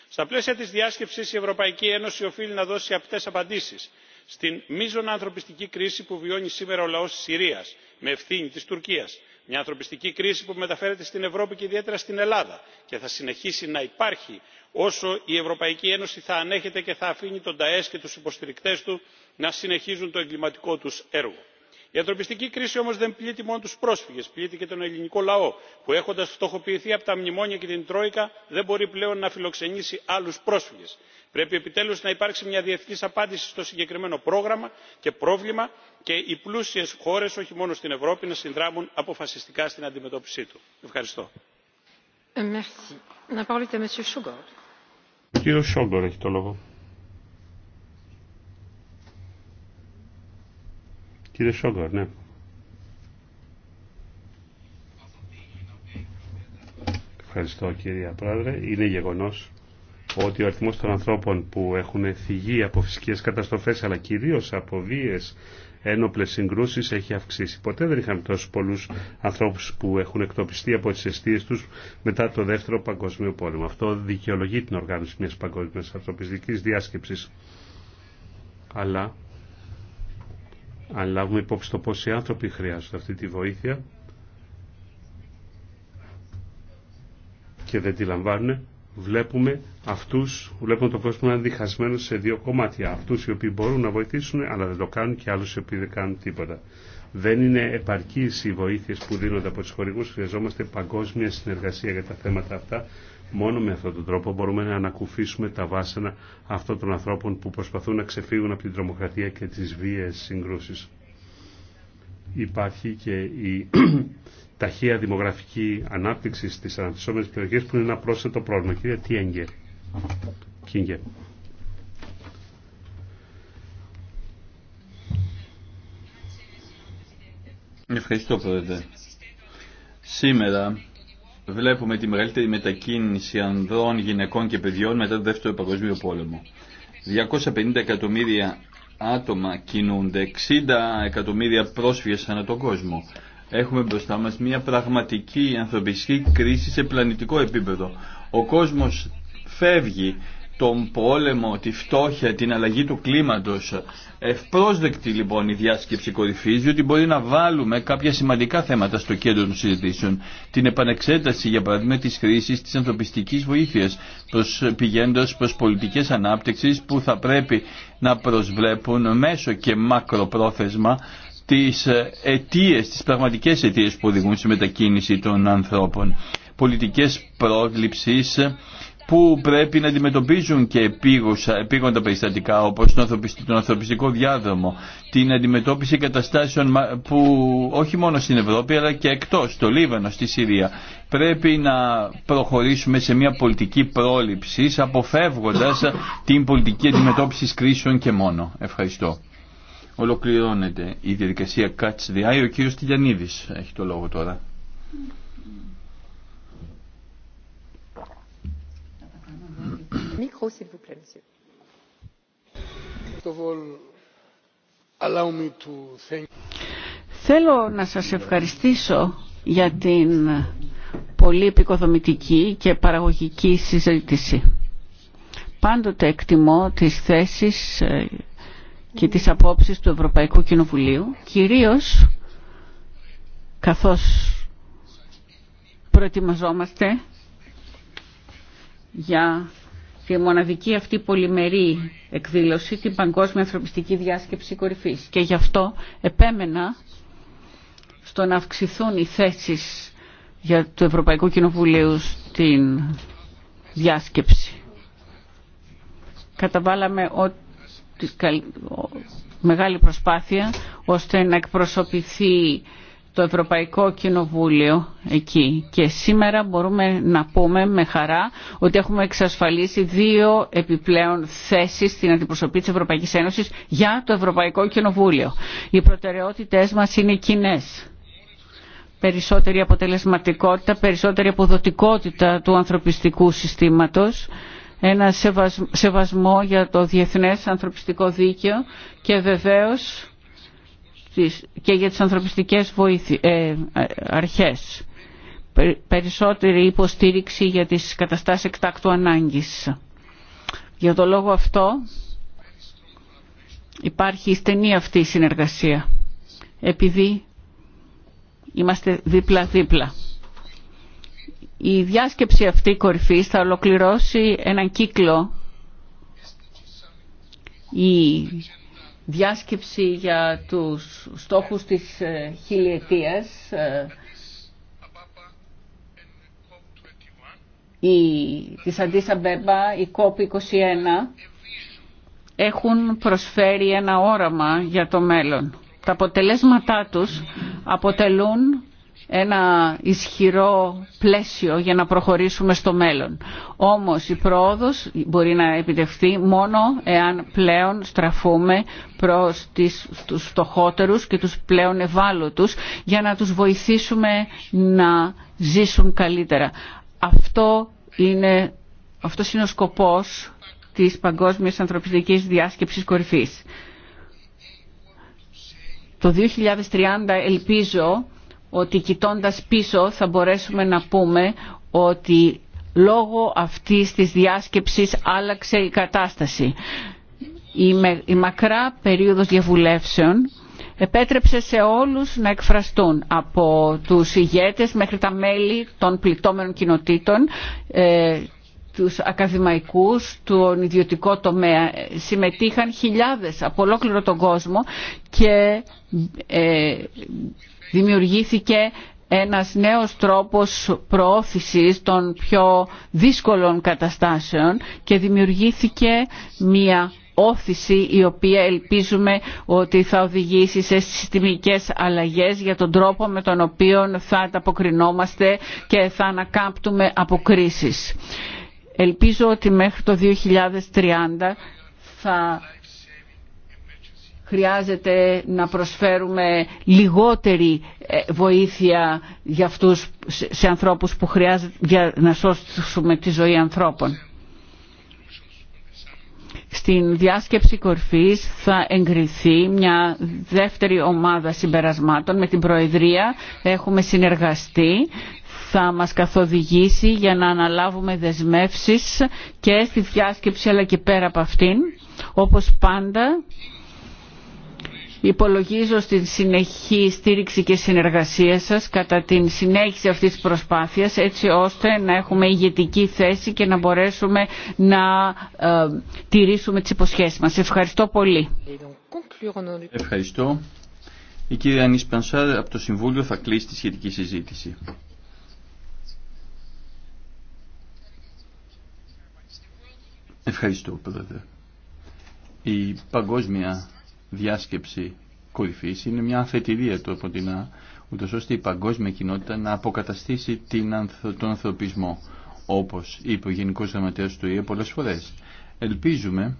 στα πλαίσια της διάσκεψης η ευρωπαϊκή ένωση οφείλει να δώσει απτές απαντήσεις στην μείζωνα ανθρωπιστική κρίση που βιώνει σήμερα ο λαός της συρίας με ευθύνη της τουρκίας μια ανθρωπιστική κρίση που μεταφέρεται στην ευρώπη και ιδιαίτερα στην ελλάδα και θα συνεχίσει να υπάρχει όσο η ευρωπαϊκή ένωση θα ανέχεται και θα αφήνει τον ΤΑΕΣ και τους υποστηρικτές του να συνεχίζουν το εγκληματικό τους έργο η ανθρωπιστική κρίση όμως δεν πλήττει μόνο τους πρόσφυγες πλήττει και τον ελληνικό λαό που έχοντας φτωχοποιηθεί από τα μνημόνια και την τρόικα δεν μπορεί πλέον να φιλοξενήσει άλλους πρόσφυγες. πρέπει επιτέλους να υπάρξει μια διεθνή απάντηση στο συγκεκριμένο πρόγραμμα και πρόβλημα και οι πλούσιες χώρε, όχι μόνο στην ευρώπη να συνδράμουν αποφασιστικά στην αντιμετώπιση του. ευχαριστώ. Ε, Κύριε Σόγκορ, ναι. Ευχαριστώ κύριε Πρόεδρε. Είναι γεγονός ότι ο αριθμός των ανθρώπων που έχουν θυγεί από φυσικές καταστροφές αλλά κυρίως από βίες ένοπλες συγκρούσεις έχει αυξήσει. Ποτέ δεν είχαμε τόσου πολλού ανθρώπου που έχουν εκτοπιστεί από τι αιστείε του μετά το δεύτερο παγκοσμίο πόλεμο. Αυτό δικαιολογεί την οργάνωση μια παγκόσμια ανθρωπιστική διάσκεψη. Αλλά αν λάβουμε υπόψη το πόσοι άνθρωποι χρειάζονται αυτή τη βοήθεια και δεν τη λαμβάνουν, βλέπουμε αυτούς, βλέπουμε το κόσμο να είναι διχασμένο σε δύο κομμάτια. Αυτούς οι οποίοι μπορούν να βοηθήσουν, αλλά δεν το κάνουν και άλλους οι οποίοι δεν κάνουν τίποτα. Δεν είναι επαρκή οι βοήθειες που δίνονται από του χορηγού, Χρειαζόμαστε παγκόσμια συνεργασία για τα θέματα αυτά Μόνο με αυτόν τον τρόπο μπορούμε να ανακουφίσουμε τα βάσανα αυτών των ανθρώπων που προσπαθούν να ξεφύγουν από την τρομοκρατία και τις βίαιες συγκρούσεις. Υπάρχει και η ταχεία δημογραφική ανάπτυξη στις αναπτυσσόμενες περιοχές που είναι ένα πρόσθετο πρόβλημα. Κύριε Τιέγγε. Ευχαριστώ, Πρόεδρε. Σήμερα βλέπουμε τη μεγαλύτερη μετακίνηση ανδρών, γυναικών και παιδιών μετά το Δεύτερο Παγκοσμίο Πόλεμο. 250 εκατομμύρια άτομα κινούνται, 60 εκατομμύρια πρόσφυγες ανά τον κόσμο. Έχουμε μπροστά μας μια πραγματική ανθρωπιστική κρίση σε πλανητικό επίπεδο. Ο κόσμος φεύγει τον πόλεμο, τη φτώχεια, την αλλαγή του κλίματος. Ευπρόσδεκτη λοιπόν η διάσκεψη κορυφής, διότι μπορεί να βάλουμε κάποια σημαντικά θέματα στο κέντρο των συζητήσεων. Την επανεξέταση, για παράδειγμα, της χρήσης της ανθρωπιστικής βοήθειας, προς, πηγαίνοντας προς πολιτικές ανάπτυξης που θα πρέπει να προσβλέπουν μέσω και μακροπρόθεσμα τις ε, αιτίες, τις πραγματικές αιτίες που οδηγούν στη μετακίνηση των ανθρώπων. Πολιτικές πρόληψης, που πρέπει να αντιμετωπίζουν και επίγοντα, επίγοντα περιστατικά όπως τον ανθρωπιστικό διάδρομο, την αντιμετώπιση καταστάσεων που όχι μόνο στην Ευρώπη αλλά και εκτός, στο Λίβανο, στη Συρία. Πρέπει να προχωρήσουμε σε μια πολιτική πρόληψη αποφεύγοντας την πολιτική αντιμετώπιση κρίσεων και μόνο. Ευχαριστώ. Ολοκληρώνεται η διαδικασία Catch the Ο κύριος Τηλιανίδης έχει το λόγο τώρα. Θέλω να σας ευχαριστήσω για την πολύ επικοδομητική και παραγωγική συζήτηση. Πάντοτε εκτιμώ τις θέσεις ε, και τις απόψεις του Ευρωπαϊκού Κοινοβουλίου, κυρίως καθώς προετοιμαζόμαστε για τη μοναδική αυτή πολυμερή εκδήλωση, την Παγκόσμια Ανθρωπιστική Διάσκεψη Κορυφής. Και γι' αυτό επέμενα στο να αυξηθούν οι θέσεις για το Ευρωπαϊκό Κοινοβουλίου στην διάσκεψη. Καταβάλαμε ό, μεγάλη προσπάθεια ώστε να εκπροσωπηθεί το Ευρωπαϊκό Κοινοβούλιο εκεί και σήμερα μπορούμε να πούμε με χαρά ότι έχουμε εξασφαλίσει δύο επιπλέον θέσεις στην αντιπροσωπή της Ευρωπαϊκής Ένωσης για το Ευρωπαϊκό Κοινοβούλιο. Οι προτεραιότητες μας είναι κοινέ. Περισσότερη αποτελεσματικότητα, περισσότερη αποδοτικότητα του ανθρωπιστικού συστήματος, ένα σεβασμό για το διεθνές ανθρωπιστικό δίκαιο και βεβαίως και για τις ανθρωπιστικές ε, αρχές. Περισσότερη υποστήριξη για τις καταστάσεις εκτάκτου ανάγκης. Για το λόγο αυτό υπάρχει στενή αυτή η συνεργασία. Επειδή είμαστε δίπλα-δίπλα. Η διάσκεψη αυτή κορυφής θα ολοκληρώσει έναν κύκλο διάσκεψη για τους στόχους της ε, χιλιετίας ε, η, της Αντίσα Μπέμπα, η COP21 έχουν προσφέρει ένα όραμα για το μέλλον. Τα αποτελέσματά τους αποτελούν ένα ισχυρό πλαίσιο για να προχωρήσουμε στο μέλλον. Όμως η πρόοδος μπορεί να επιτευχθεί μόνο εάν πλέον στραφούμε προς τις, τους φτωχότερους και τους πλέον ευάλωτους για να τους βοηθήσουμε να ζήσουν καλύτερα. Αυτό είναι, αυτός είναι ο σκοπός της Παγκόσμιας Ανθρωπιστικής Διάσκεψης Κορυφής. Το 2030 ελπίζω ότι κοιτώντας πίσω θα μπορέσουμε να πούμε ότι λόγω αυτής της διάσκεψης άλλαξε η κατάσταση. Η, η μακρά περίοδος διαβουλεύσεων επέτρεψε σε όλους να εκφραστούν από τους ηγέτες μέχρι τα μέλη των πληττόμενων κοινοτήτων ε, τους ακαδημαϊκούς, τον ιδιωτικό τομέα. Συμμετείχαν χιλιάδες από ολόκληρο τον κόσμο και ε, δημιουργήθηκε ένας νέος τρόπος προώθησης των πιο δύσκολων καταστάσεων και δημιουργήθηκε μία όθηση η οποία ελπίζουμε ότι θα οδηγήσει σε συστημικές αλλαγές για τον τρόπο με τον οποίο θα ανταποκρινόμαστε και θα ανακάμπτουμε αποκρίσεις. Ελπίζω ότι μέχρι το 2030 θα χρειάζεται να προσφέρουμε λιγότερη ε, βοήθεια για αυτούς, σε ανθρώπους που χρειάζεται για να σώσουμε τη ζωή ανθρώπων. Στην διάσκεψη κορφής θα εγκριθεί μια δεύτερη ομάδα συμπερασμάτων με την Προεδρία. Έχουμε συνεργαστεί θα μας καθοδηγήσει για να αναλάβουμε δεσμεύσεις και στη διάσκεψη αλλά και πέρα από αυτήν. Όπως πάντα υπολογίζω στη συνεχή στήριξη και συνεργασία σας κατά την συνέχιση αυτής της προσπάθειας έτσι ώστε να έχουμε ηγετική θέση και να μπορέσουμε να ε, τηρήσουμε τις υποσχέσεις μας. Ευχαριστώ πολύ. Ευχαριστώ. Η κυρία από το Συμβούλιο θα κλείσει τη σχετική συζήτηση. Ευχαριστώ, Πρόεδρε. Η παγκόσμια διάσκεψη κορυφή είναι μια αφετηρία του από την ούτως ώστε η παγκόσμια κοινότητα να αποκαταστήσει την, τον ανθρωπισμό, όπως είπε ο γενικό Γραμματέα του ΙΕ πολλέ φορές. Ελπίζουμε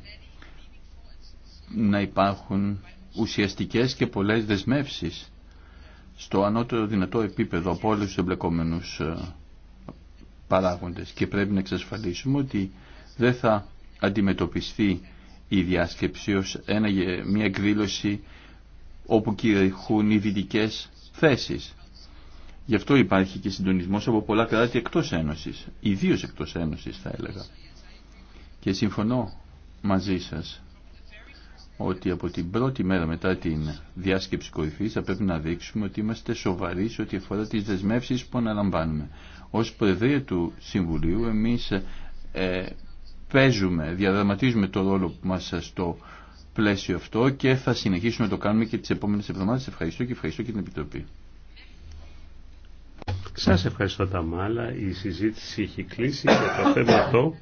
να υπάρχουν ουσιαστικές και πολλές δεσμεύσεις στο ανώτερο δυνατό επίπεδο από όλους τους εμπλεκόμενους ε, παράγοντες και πρέπει να εξασφαλίσουμε ότι δεν θα αντιμετωπιστεί η διάσκεψη ως ένα, μια εκδήλωση όπου κυριαρχούν οι δυτικέ θέσεις. Γι' αυτό υπάρχει και συντονισμός από πολλά κράτη εκτός Ένωσης, ιδίως εκτός Ένωσης θα έλεγα. Και συμφωνώ μαζί σας ότι από την πρώτη μέρα μετά την διάσκεψη κορυφής θα πρέπει να δείξουμε ότι είμαστε σοβαροί σε ό,τι αφορά τις δεσμεύσεις που αναλαμβάνουμε. Ως Προεδρία του Συμβουλίου εμείς ε, παίζουμε, διαδραματίζουμε το ρόλο που μας στο πλαίσιο αυτό και θα συνεχίσουμε να το κάνουμε και τις επόμενες εβδομάδες. Ευχαριστώ και ευχαριστώ και την Επιτροπή. Σας ευχαριστώ τα Η συζήτηση έχει κλείσει και το θέμα αυτό